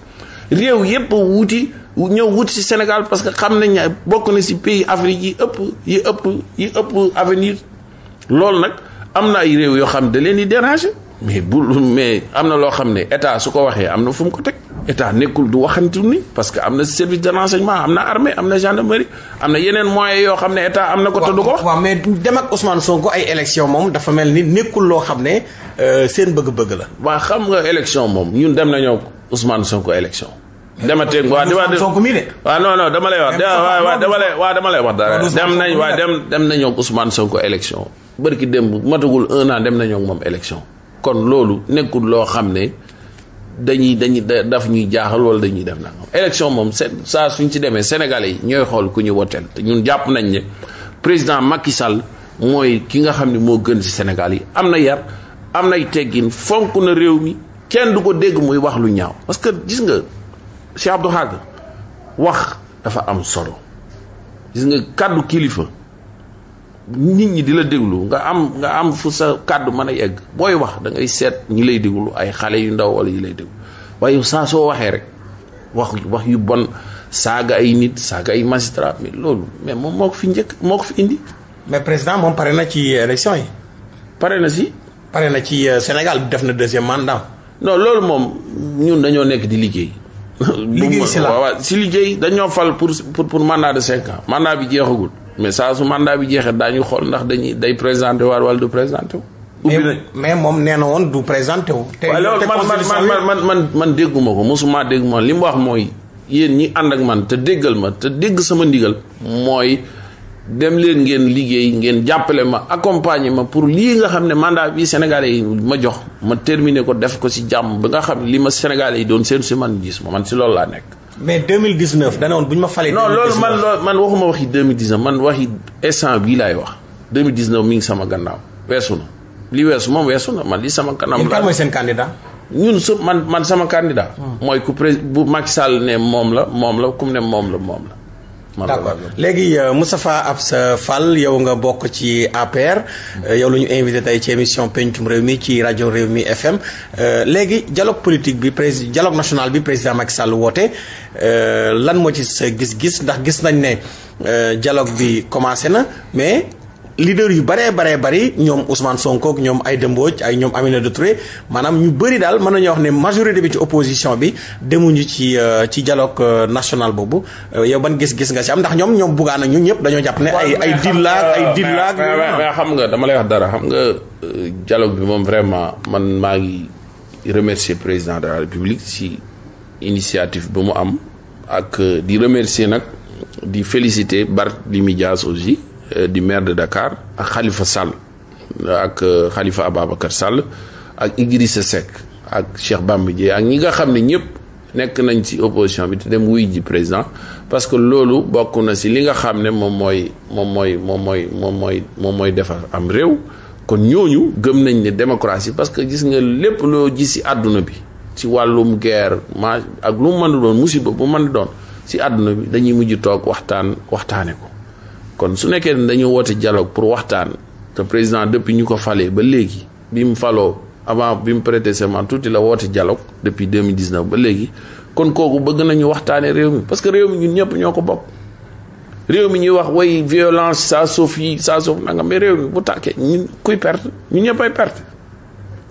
réew yépp wuti ñëw wuti si Sénégal parce que xam nañ ne bokk na si pays Afrique yi ëpp yi ëpp yi ëpp avenir loolu nag am na ay réew yoo xam da leen di déranger mais bu mais am na loo xam ne état su ko waxee am na fu mu ko teg. état nekkul du waxantu ni parce que am na service de renseignement am na armée am na gendarmerie am na yeneen moyens yoo xam ne état am na ko te du ko wax. waaw mais dem ak Ousmane Sonko ay élection moom dafa mel ni nekkul loo xam ne euh, seen bëgg-bëgg la. waaw xam nga élection moom ñun dem nañoo Ousmane Sonko élection. demateeg waa di wax Sonko mii de. waaw dama lay wax waaw dama lay lay wax dara dem nañ waa dem dem nañoo Ousmane Sonko élection. bërki dem matagul un naa dem nañoo moom élection kon loolu nekkul loo xam ne. dañuy dañuy daf ñuy jaaxal wala dañuy def nangam élection moom saa suñ ci demee Sénégalais yi ñooy xool ku ñu woteel te ñun jàpp nañ ne président Macky Sall mooy ki nga xam ne moo gën si senegal yi am na yar am nay teggin fonk na réew mi kenn du ko dégg muy wax lu ñaaw parce que gis nga Cheikh Abdou Khadre wax dafa am solo gis nga kàddu kilifa. nit ñi di la déglu nga am nga am fu sa kàddu man a yegg booy wax da ngay seet ñi lay déglu ay xale yu ndaw walla ñi lay déglu waaye saa soo waxee rek wax wax yu bon saaga ay nit saaga ay magistrat mais loolu mais moom moo fi njëkk moo fi indi. mais président moom pare na ci élection yi. pare na si. pare na ci euh, Sénégal def na deuxième mandat. non loolu moom ñun dañoo nekk di liggéey. liggéey si la si liggéey dañoo fal pour pour pour mandat de cinq ans bi jeexagul. mais saa su mandat bi jeexee daañu xool ndax dañuy day présenté waat wala du présenté wu. ubbi nañ mais moom nee na woon du présenté wu. te te man man man man man dégguma ko mosuma dégg ma li mu wax mooy yéen ñi ànd ak man te déggal ma te dégg sama ndigal. mooy dem leen ngeen liggéey ngeen jàppale ma accompagner ma pour lii nga xam ne mandat bi Sénégalais yi ma jox ma terminer ko def ko ci jàmm ba nga xam li ma Sénégalais yi doon seen si man gis ma man si loolu laa nekk. mais 2019 da ne woon bu ñu ma falee. non loolu man loolu man waxuma waxi 2019 man waxi instant bii laay wax 2019 mi ngi sama gannaaw weesu na li weesu moom weesu na man li sama kanam. la kan mooy seen candidat. ñun su man man sama candidat. Hmm. mooy ku prés bu Macky Sall ne moom la moom la ku ne moom la moom la. d'accord léegi euh, Moustapha sa Fall yow nga bokk ci APR euh, yow lu ñu invité tey ci émission pencum réew mi ci rajo réew mi FM euh, léegi dialogue politique bi président dialogue national bi président Macky Sall woote lan moo ci sa gis-gis ndax gis nañ ne dialogue bi commencé na mais leader yu baree baree bari ñoom Ousmane Sonko ak ñoom Aïda Mbodj ay ñoom de Touré maanaam ñu bëri daal mën nañoo wax ne majorité bi ci opposition bi demuñu ci euh, ci dialogue euh, national boobu euh, yow ban gis-gis nga si am ndax ñoom ñoom buggaan na ñun ñëpp dañoo jàpp ne. ay ay dillaag ay dillaag. mais xam nga dama lay wax dara xam nga dialogue bi moom vraiment man maa ngi remercier président de la république si initiative bi mu am ak di remercier nag di féliciter Barthélémy Dias aussi. Euh, di maire de Dakar ak xalifa Sall ak xalifa euh, Ababacar Sall ak Idrissa Seck ak Cheikh Bamba Dièye ak ñi nga xam ne ñëpp nekk nañ si opposition bi te dem wuy ji président parce que loolu bokk na si li nga xam ne moom mooy moom mooy moom mooy moom mooy moom mooy defar am réew kon ñooñu gëm nañ ne démocratie parce que gis nga lépp loo gis si àdduna bi ci wàllum guerre ma ak lu mu mën doon musiba bu mën doon si àdduna bi dañuy mujj toog waxtaan waxtaane ko kon su nekkee ne dañu woote dialogue pour waxtaan te président depuis ñu ko falee ba léegi bi mu faloo avant bi mu prêté serment tuuti la woote dialogue depuis 2019 ba léegi kon kooku bëgg nañu waxtaanee réew mi parce que réew mi ñun ñëpp ñoo ko bokk réew mi ñuy wax way violence saa suuf yi saa suuf nanga mais réew mi bu tàkkee ñu kuy perte ñun ñëpp ay perte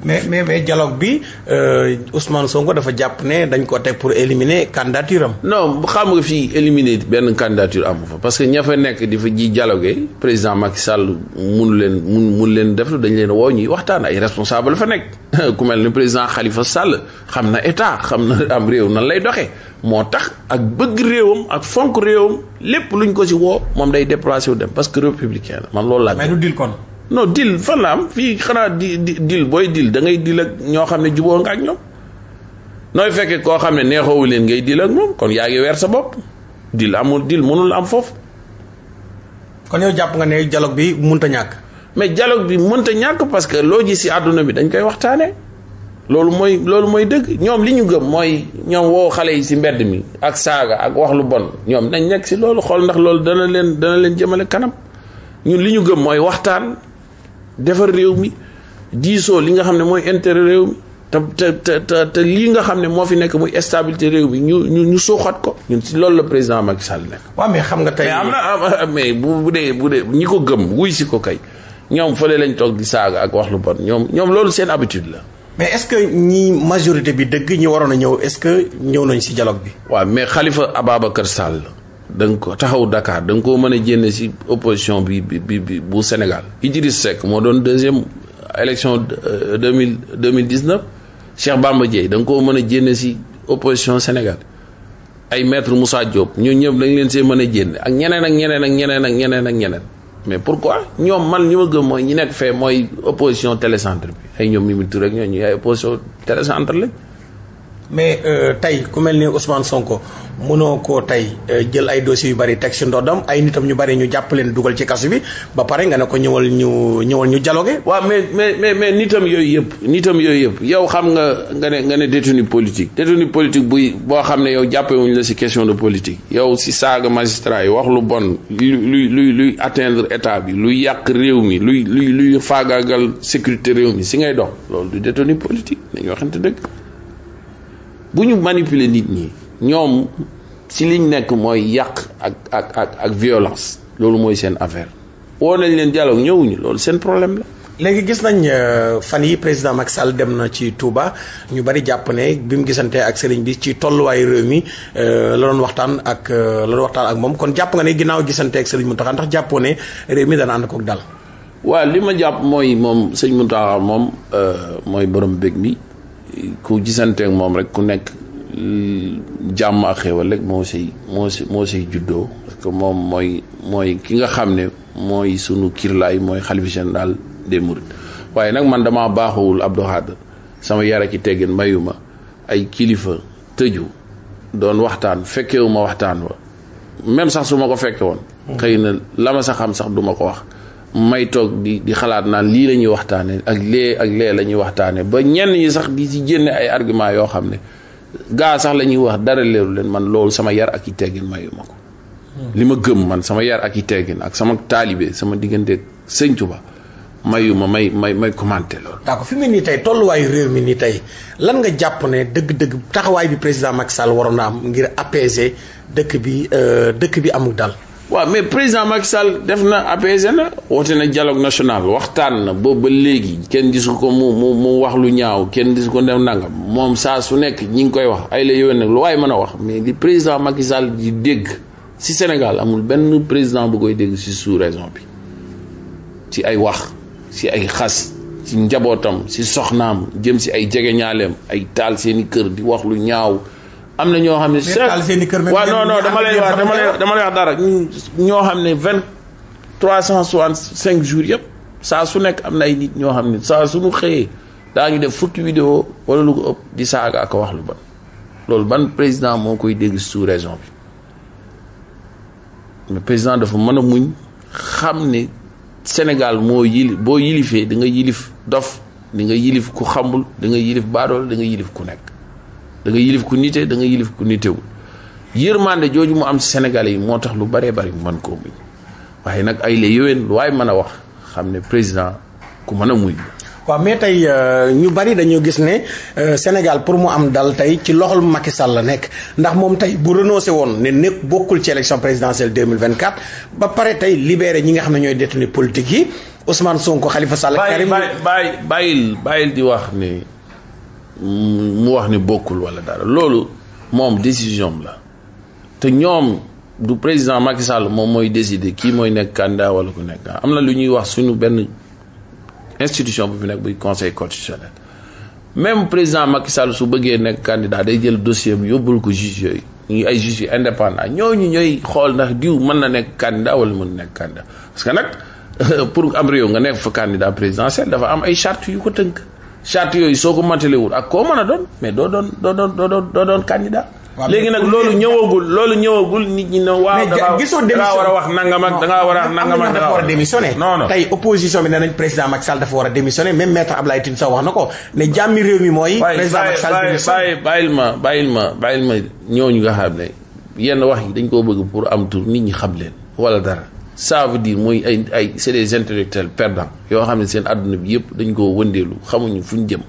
mais mais mais dialogue bi euh, Ousmane Sonko dafa jàpp ne dañ ko teg pour éliminer candidature am. non xam nga fii éliminer benn candidature amu fa parce que ña fa nekk di fa ji dialogué président Macky Sall mun leen mun mun leen def dañu leen woo ñuy waxtaan ay responsable fa nekk ku mel ne président xalifa Sall xam na état xam na am réew nan lay doxee moo tax ak bëgg réewam ak fonk réewam lépp luñ ko si woo moom day déplacé wu dem parce que républicain la man loolu laa. kon. non dil fan la am fii xanaa di di dil booy dil da ngay dil ak ñoo xam ne juboo nga ak ñoom nooy fekkee koo xam ne neexoowu leen ngay dil ak moom kon yaa ngi weer sa bopp dil amul dil mënul am foofu. kon yow jàpp nga ne dialogue bi mënta ñàkk. mais dialogue bi mënta ñàkk parce que loo gis si àdduna bi dañ koy waxtaanee loolu mooy loolu mooy dëgg ñoom li ñu gëm mooy ñoom woo xale yi si mbedd mi ak saaga ak wax lu bon ñoom nañ nekk si loolu xool ndax loolu dana leen dana leen jëmale kanam ñun li ñu gëm mooy waxtaan. defar réew mi diisoo li nga xam ne mooy intérêt réew mi te te te te lii nga xam ne moo fi nekk muy stabilité réew mi ñu ñu ñu suuxat ko. ñun si loolu la président Macky Sall nekk. waaw mais xam nga tey. mais bu dee bu dee ñi ko gëm wuy si ko kay ñoom fële lañ toog di saaga ak wax lu bon ñoom ñoom loolu seen habitude la. mais est-ce que ñi majorité bi dëgg ñi waroon a ñëw est-ce que ñëw nañ si dialogue bi. waaw mais Khalifa Ababacar Sall. da nga ko taxaw Dakar da nga koo mën a génne si opposition bi bi bi bu Sénégal Idriss Seck moo doon deuxième élection euh, deux mille deux mille dix neuf Cheikh Bamba Dièye danga koo mën a génne si opposition Sénégal ay maître Moussa Diop ñoo ñëpp dañ leen see mën a génne ak ñeneen ak ñeneen ak ñeneen ak ñeneen ak ñeneen mais pourquoi ñoom man ñu ma gëm mooy ñu nekk fee mooy opposition télécentre bi ay ñoom Mimi rek ak ñoo ñu ay opposition télécentre lañ mais euh, tey ku mel ni Ousmane Sonko mënoo koo tey euh, jël ay dossiers yu bari teg si ndoddam ay nitam ñu bari ñu jàpp leen dugal ci kasu bi ba pare nga ne ko ñëwal ñu ñëwal ñu dialogué. waaw mais mais mais mais nitam yooyu yëpp nitam yooyu yëpp yow xam nga nga ne nga ne détenu politique détenu politique buy boo xam ne yow jàppewuñu la si question de politique yow si saaga magistrat yi wax lu bon luy luy luy atteindre état bi luy yàq réew mi luy luy luy faagaagal sécurité réew mi si ngay dox loolu du détenu politique nañu waxante dëgg. bu ñu manipuler nit ñi ñoom si liñ nekk mooy yàq ak ak ak ak violence loolu mooy seen affaire woo nañ leen dialogue ñëwuñu loolu seen problème la. léegi gis nañ euh, fan yi président Macky Sall dem na ci Touba ñu bari jàpp ne bi mu gisantee ak sëriñ bi ci tolluwaayu réew mi euh, la doon waxtaan ak euh, la doon waxtaan ak moom kon jàpp nga ne ginnaaw gisantee ak sëriñ Mountakha ndax jàppoo ne réew mi dana ànd koog dal. waa li ma jàpp mooy moom sëñ Mountakha moom mooy borom bég mi ku gisanteeg moom rek ku nekk jàmm ak xéwal rek moo siy moo si moo siy juddoo parce que moom mooy mooy ki nga xam ne mooy sunu kirlaay mooy xalifa daal des mourides waaye nag man dama baaxawul Abdou Khadre sama yara ci teggin mayu ma ay kilifa tëju doon waxtaan fekkewu ma waxtaan wa même sax su ma ko fekke woon hmm. xëy na la ma sa xam sax duma ko wax may toog di xalaat naan lii la ñuy waxtaane ak lee ak lee la ñuy waxtaane ba ñenn ñi sax di ci génne ay argument yoo xam ne gaa sax la ñuy wax dara leeru leen man loolu sama yar ak i teggin mayu ma ko li ma gëm man sama yar ak i teggin ak sama taalibe sama diggante Sëñ Tuba mayu ma may may may commenté loolu d'accord fi mu ne tey tolluwaayu réew mi nii tey lan nga jàpp ne dëgg-dëgg taxawaay bi président Macky Sall waroon na am ngir apaiser dëkk bi euh, dëkk bi amul dal waaw mais président Macky Sall def na apaisé na woote na dialogue national waxtaan na boobu ba léegi kenn gisu ko mu mu mu wax lu ñaaw kenn gisu ko def nangam moom saa su nekk ñi ngi koy wax ay la yowén nag lu waaye mën a wax mais li président Macky Sall di dégg ci Sénégal amul benn président bu koy dégg ci sous-région bi ci ay wax ci ay xas ci njabootam ci soxnaam jëm ci ay jegeñaaleem ay taal seeni kër di wax lu ñaaw am na ñoo xam ne. mais waaw non non dama lay wax dama lay wax dama lay wax dara mm. ñoo xam ne vingt trois cent soixante cinq jours yëpp saa su nekk am na ay nit ñoo xam ne saa su ñu xëyee daañu def fukki vidéo wala lu ko ëpp di saaga ak wax lu ban loolu ban président moo koy dégg sous raison président dafa mën a muñ xam ne Sénégal moo yili boo yilifee da nga yilif dof da nga yilif ku xamul da nga yilif baadool da nga yilif ku nekk. da nga yilif ku nit da nga yilif ku nitewul yërmande jooju mu am ci Sénégalais yi moo tax lu baree bari man koo muñ waaye nag ay la yowén lu waaye mën a wax xam ne président ku mën a muñ waaw mais tey euh, ñu bari dañoo gis ne euh, Sénégal pour mu am dal tey ci loxol Macky Sall la nekk ndax moom tey bu renoncé woon ne nekk bokkul ci élection présidentielle 2024 ba pare tey libéré ñi nga xam ne ñooy détenu politique yi Ousmane Sonko xalifa Sall. Karim bàyyi bàyyi bàyyil bàyyil di wax ni mu wax ni bokkul wala dara loolu moom décision la te ñoom du président Macky Sall moom mooy décider kii mooy nekk candidat walla ku nekk am na lu ñuy wax suñu benn institution bu fi nekk buy conseil constitutionnel même président Macky Sall su bëggee nekk candidat day jël dossier yóbbul ko juge yooyu ñu ay juge yu indépendant ñooñu ñooy xool ndax diw mën na nekk candidat wala mën na nekk candidat parce nag pour am réew nga nekk fa candidat présidentiel dafa am ay charte yu ko tënk charte yooyu soo ko matalewul ak koo mën a doon mais doo doon doo doon doo doon doo doon candidat léegi nag loolu ñëwagul loolu ñëwagul nit ñi ne waaw da ngaa war a wax nangam ak da ngaa war a wax nangam ak dafa war a démissionné non non tey opposition bi ne nañ président Macky Sall dafa war a démissionné même maître Abdoulaye Tine Sow wax na ko ne jàmmi réew mi mooy président Macky Sall bàyyil ma bàyyil ma bàyyil ma ñooñu nga xam ne yenn wax yi dañ koo bëgg pour am nit ñi xam leen wala dara ça veut dire mooy ay ay c'est des intellectuels perdants yoo xam ne seen àdduna bi yëpp dañ koo wëndeelu xamuñu fu ñu jëm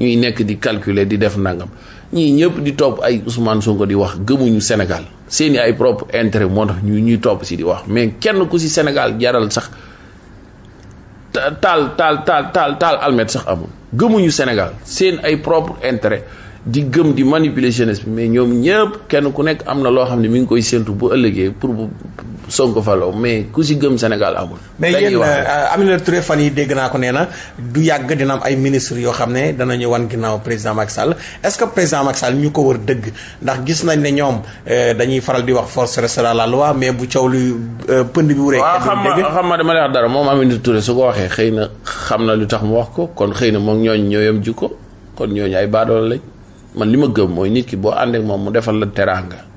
ñuy nekk di calculer di def nangam ñii ñëpp di topp ay Ousmane Sonko di wax gëmuñu Sénégal seeni ay propre intérêt moo tax ñu ñuy topp si di wax mais kenn ku si Sénégal jaral sax taal taal taal taal taal almet sax amul gëmuñu Sénégal seen ay propre intérêt di gëm di manipuler jeunesse bi mais ñoom ñëpp kenn ku nekk am na loo xam ne mu ngi koy séentu bu ëllëgee pour bu Sonko faloo mais ku si gëm Sénégal amul. mais yéen euh, Aminata Touré yi dégg naa ko nee na du yàgg dinam ay ministre yoo xam ne danañu wan ginnaaw président Macky Sall est-ce que président Macky ñu ko wër dëgg ndax gis nañ ne ñoom euh, dañuy faral di wax force restera la loi mais bu coow lu euh, pënd bi wuree. waaw xam nga xam nga dama lay dara moom Aminata Touré su ko waxee xëy na xam na lu tax mu wax ko kon xëy na moom ñooñu ñooyam jikko kon ñooñu ay baadoola lañ man li ma gëm mooy nit ki boo ànd moom mu defal la teraanga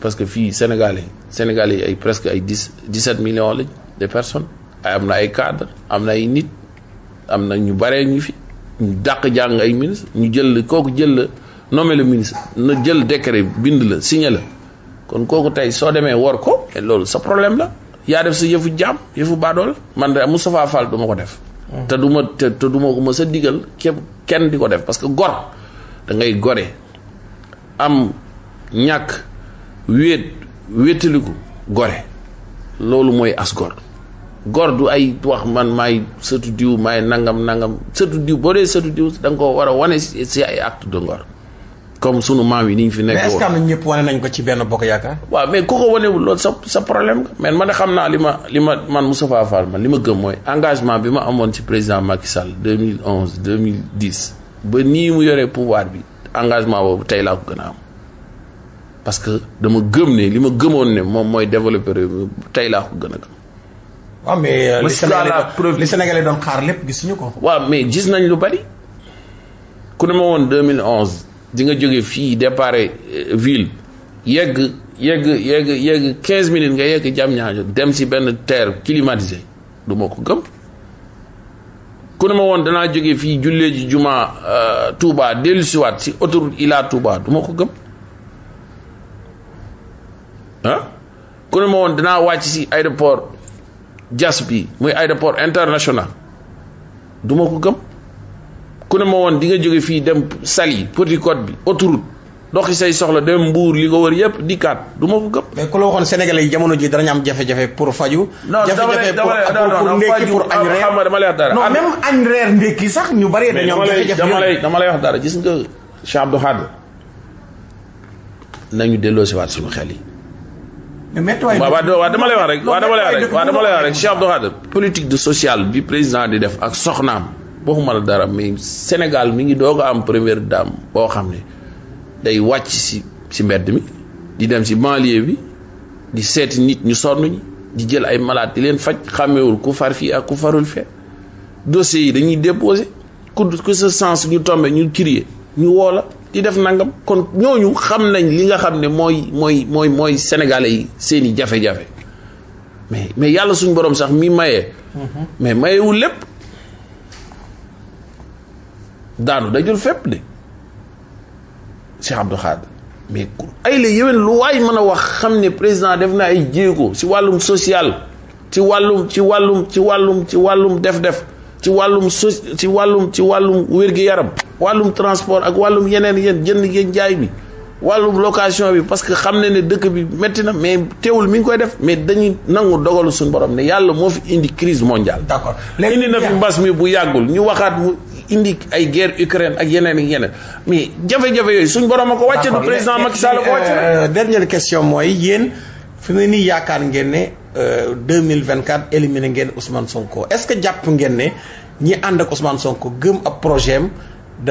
parce que fii Sénégal yi Sénégal yi ay presque ay dix dix-sept millions lañ de personnes am na ay cadres am na ay nit am na ñu baree ñu fi ñu dàq jàng ay ministre ñu jël kooku jël la nommé le ministre na jël décret bind la signé la kon kooku tey soo demee war ko loolu sa problème la yaa def sa yëfu jaam yëfu baadoo man de Moustapha Fall du ma ko def hmm. te du ma te te du ma ko ma sa digal kenn di ko def parce que gor da gore am ñàkk wéet wéetaliku gore loolu mooy as gor du ay wax man maay sëtu diw maay nangam nangam sëtu diw boo dee sëtu diw da nga ko war a wane si ay acte de comme sunu maam yi ni ñu fi nekk. mais est ñëpp wane nañ ko ci benn bokk yaakaar. waaw mais ku ko wanewul loolu sa sa problème la. mais man xam naa li ma li ma man mu Moustapha Fall ma li ma gëm mooy engagement bi ma amoon ci président mille Macky Sall 2011 2010 ba nii mu yore pouvoir bi engagement boobu tey laa ko gën am. parce que dama gëm ne li ma gëmoon ne moom mooy développé réew tey laa ko gën a gëm. waaw mais euh, li Sénégalais li Sénégalais doon xaar lépp gis suñu ko. waaw mais gis nañ lu bari ku ne ma woon 2011 di nga jóge fii départ euh, ville yegg yegg yegg yegg 15 minutes nga yegg jam ñaajo dem si benn terre climatisée du ma ko gëm. ku ne ma woon danaa jóge fii jullee ji juma euh, Touba dellusiwaat si autoroute Ila Touba duma ko gëm. ah ku ne ma woon danaa wàcc si aéroport jas bi muy aéroport international duma ko gëm ku ne ma woon dinga nga jóge fii dem Saly Petite Côte bi dox doxi say soxla dem mbuur li ko wër yëpp dikkaat du ma ko gëm. mais ku la waxoon Sénégalais yi jamono ji danañ am jafe-jafe pour faju. jafe-jafe pour pour ndékki pour añ ah, dama lay wax dara. non ah, même añ reer ndékki sax ñu bari dañoo am jafe-jafe dama dama lay wax dara gis nga Cheikh Abdou Khadre nañu delloo si waat suñu xel yi. météo waaw waaw dama lay wax rek waaw dama lay wax rek waaw dama lay wax rek Cheikh Abdou Khadre politique de social bi président di def ak soxnaam waxuma la dara mais Sénégal mi ngi doog a am première dame boo xam ne day wàcc si si mbedd mi di dem si banlieue bi di seeti nit ñu sonn ñi di jël ay malaat di leen faj xàmmewul ku far fii ak ku farul fe dossiers yi dañuy déposé ku ku sa sens ñu tombe ñu crier ñu woola di def nangam kon ñooñu xam nañ li nga xam ne mooy mooy mooy mooy sénégalais yi seen jafe-jafe mais mais yàlla suñu boroom sax mi maye. Mhm. mais mayewul lépp daanu dajul fépp de Cheikh Abdou Khadre mais ay la yéwén lu waay mën a wax xam ne président def na ay jéego si wàllum social ci wàllum ci wàllum ci wàllum ci wàllum def-def ci wàllum so ci wàllum ci wàllum wér-gi-yaram wàllum transport ak wàllum yeneen yéen jënd yéen jaay bi wàllum location bi parce que xam ne ne dëkk bi métti na mais teewul mi ngi koy def mais dañuy nangu dogalu suñu borom ne yàlla moo fi indi crise mondiale. d'accord indi na fi mbas mi bu yàggul ñu waxaat mu indi ay guerre Ukraine ak yeneen ak yeneen mais jafe-jafe yooyu suñu borom a ko wàcce du président Macky Sall ko wàcce. Euh, euh, dernière question mooy yéen fi mu ne nii yaakaar ngeen ne 2024 euh, éliminé ngeen Ousmane Sonko est-ce que jàpp ngeen ne ñi ànd ak Ousmane Sonko gëm ab projet am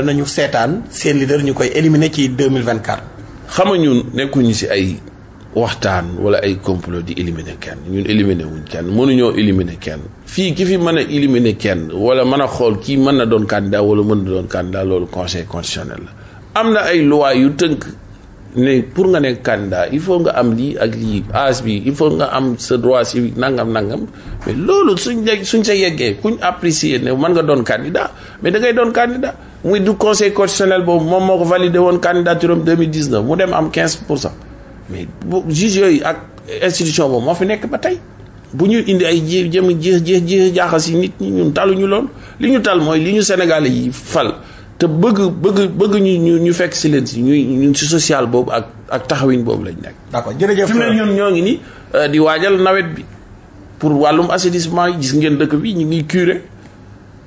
ñu seetaan seen leader ñu koy éliminé ci 2024. xam nga ñun nekkuñu si ay waxtaan wala ay complot di éliminer kenn ñun éliminer wuñ kenn mënuñoo éliminer kenn fii ki fi mën a éliminer kenn wala mën a xool kii mën na doon candidat wala mën na doon candidat loolu conseil am na ay loi yu tënk ne pour nga nekk candidat il faut nga am lii ak lii as bi il faut nga am sa droit civique nangam nangam mais loolu suñ suñ sa yeggee kuñ apprécier ne mën nga doon candidat mais da doon candidat muy du conseil constitutionnel boobu moom moo ko validé woon candidature am 2019 mu dem am 15 pour cent mais bu juge yooyu ak institution boobu moo fi nekk ba tey bu ñu indi ay ji jëm jeex jeex jeex jaaxal si nit ñi ñun taluñu loolu li ñu tal mooy li ñu Sénégalais yi fal te bëgg bëgg bëgg ñu ñu ñu fekk si leen si ñuy ñun si social boobu ak ak taxawin boobu lañ nekk. d'accord jërëjëf fi mu ñun ñoo ngi nii euh, di waajal nawet bi pour wàllum assainissement yi gis ngeen dëkk bi ñu ngi curé.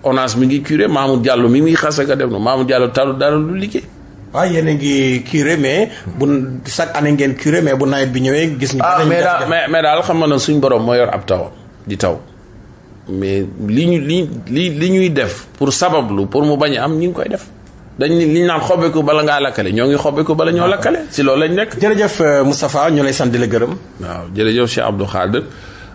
ONAS mi ngi curé Mamour Diallo mi ngi xas ak a def na Mamour Diallo talu dara lu liggéey. waaw yéen a ngi curé mais bu chaque année ngeen curé mais bu nawet bi ñëwee. gis nga ah, mais daal mais daal xam nga ne suñ borom moo yor ab taw di taw. mais li ñu li li li ñuy def pour sabablu pour mu bañ am ñu ngi koy def dañ li ñu naan xobbeeku bala ngaa lakkale ñoo ngi ko bala ñoo lakkale si loolu lañ nekk. jërëjëf euh, Moustapha ñu lay sant di la gërëm. waaw jërëjëf Cheikh Abdou Khader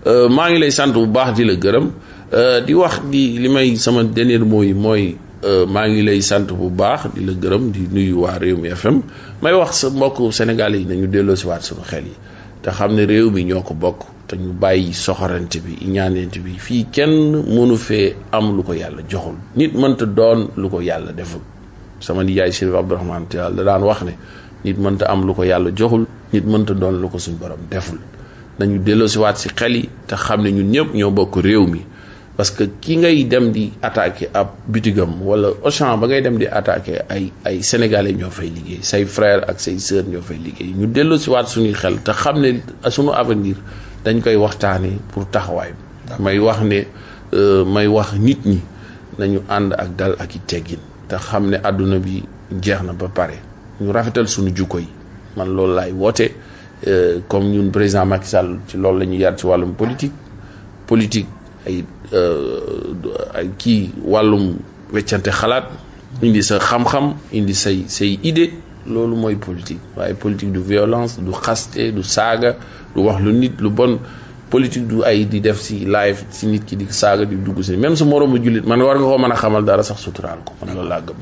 euh, maa ngi lay sant bu baax di la gërëm. Euh, di wax di li may sama dernier mot yi mooy euh, maa ngi lay sant bu baax di la gërëm di nuyu waa réew mi FM may wax sa mbokk Sénégal yi nañu delloosiwaat suñu xel yi te xam ne réew mi ñoo ko bokk te ñu bàyyi soxorante bi ñaanante bi fii kenn mënu fee am ko yàlla joxul nit mënta doon lu ko yàlla deful sama nijaay Sylvain Abdourahmane te yàlla daan wax ne nit mënta am lu ko yàlla joxul nit mënta doon lu ko suñ borom deful nañu delloosiwaat si xel yi te xam ne ñun ñëpp ñoo bokk réew mi parce que ki ngay dem di attaquer ab bitigam wala Auchan ba ngay dem di attaquer ay ay sénégalais ñoo fay liggéey say frère ak say sœur ñoo fay liggéey ñu dellu si waat suñuy xel te xam ne suñu avenir dañ koy waxtaanee pour taxawaay may wax ne euh, may wax nit ñi nañu ànd ak dal ak i teggin te xam ne àdduna bi jeex na ba pare ñu rafetal suñu jukko yi man loolu lay woote euh, comme ñun président Macky Sall ci loolu la ñu yar ci wàllum politique politique ay euh, ay kii wàllum weccante xalaat indi sa xam-xam indi say say idée loolu mooy politique waaye politique du violence du xaste du saaga du wax lu nit lu bon politique du ay di def si live si nit ki di saaga dugg si même su moromu jullit man war nga koo mën a xamal dara sax suturaal ko man loolu laa gëm.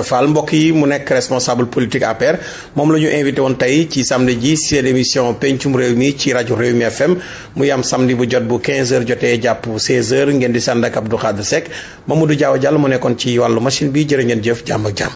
Euh, mbokk yi mu nekk responsable politique APR moom la ñu invité woon tey ci samedi ji seen émission pencum réew mi ci rajo réew mi FM mu yam samedi bu jot bu 15h jotee jàpp 16h ngeen di sànd ak Abdou Khadre Seck Mamadou Diaw Diallo mu nekkoon ci wàllu machine bi jërë ngeen jëf jàmm ak jàmm.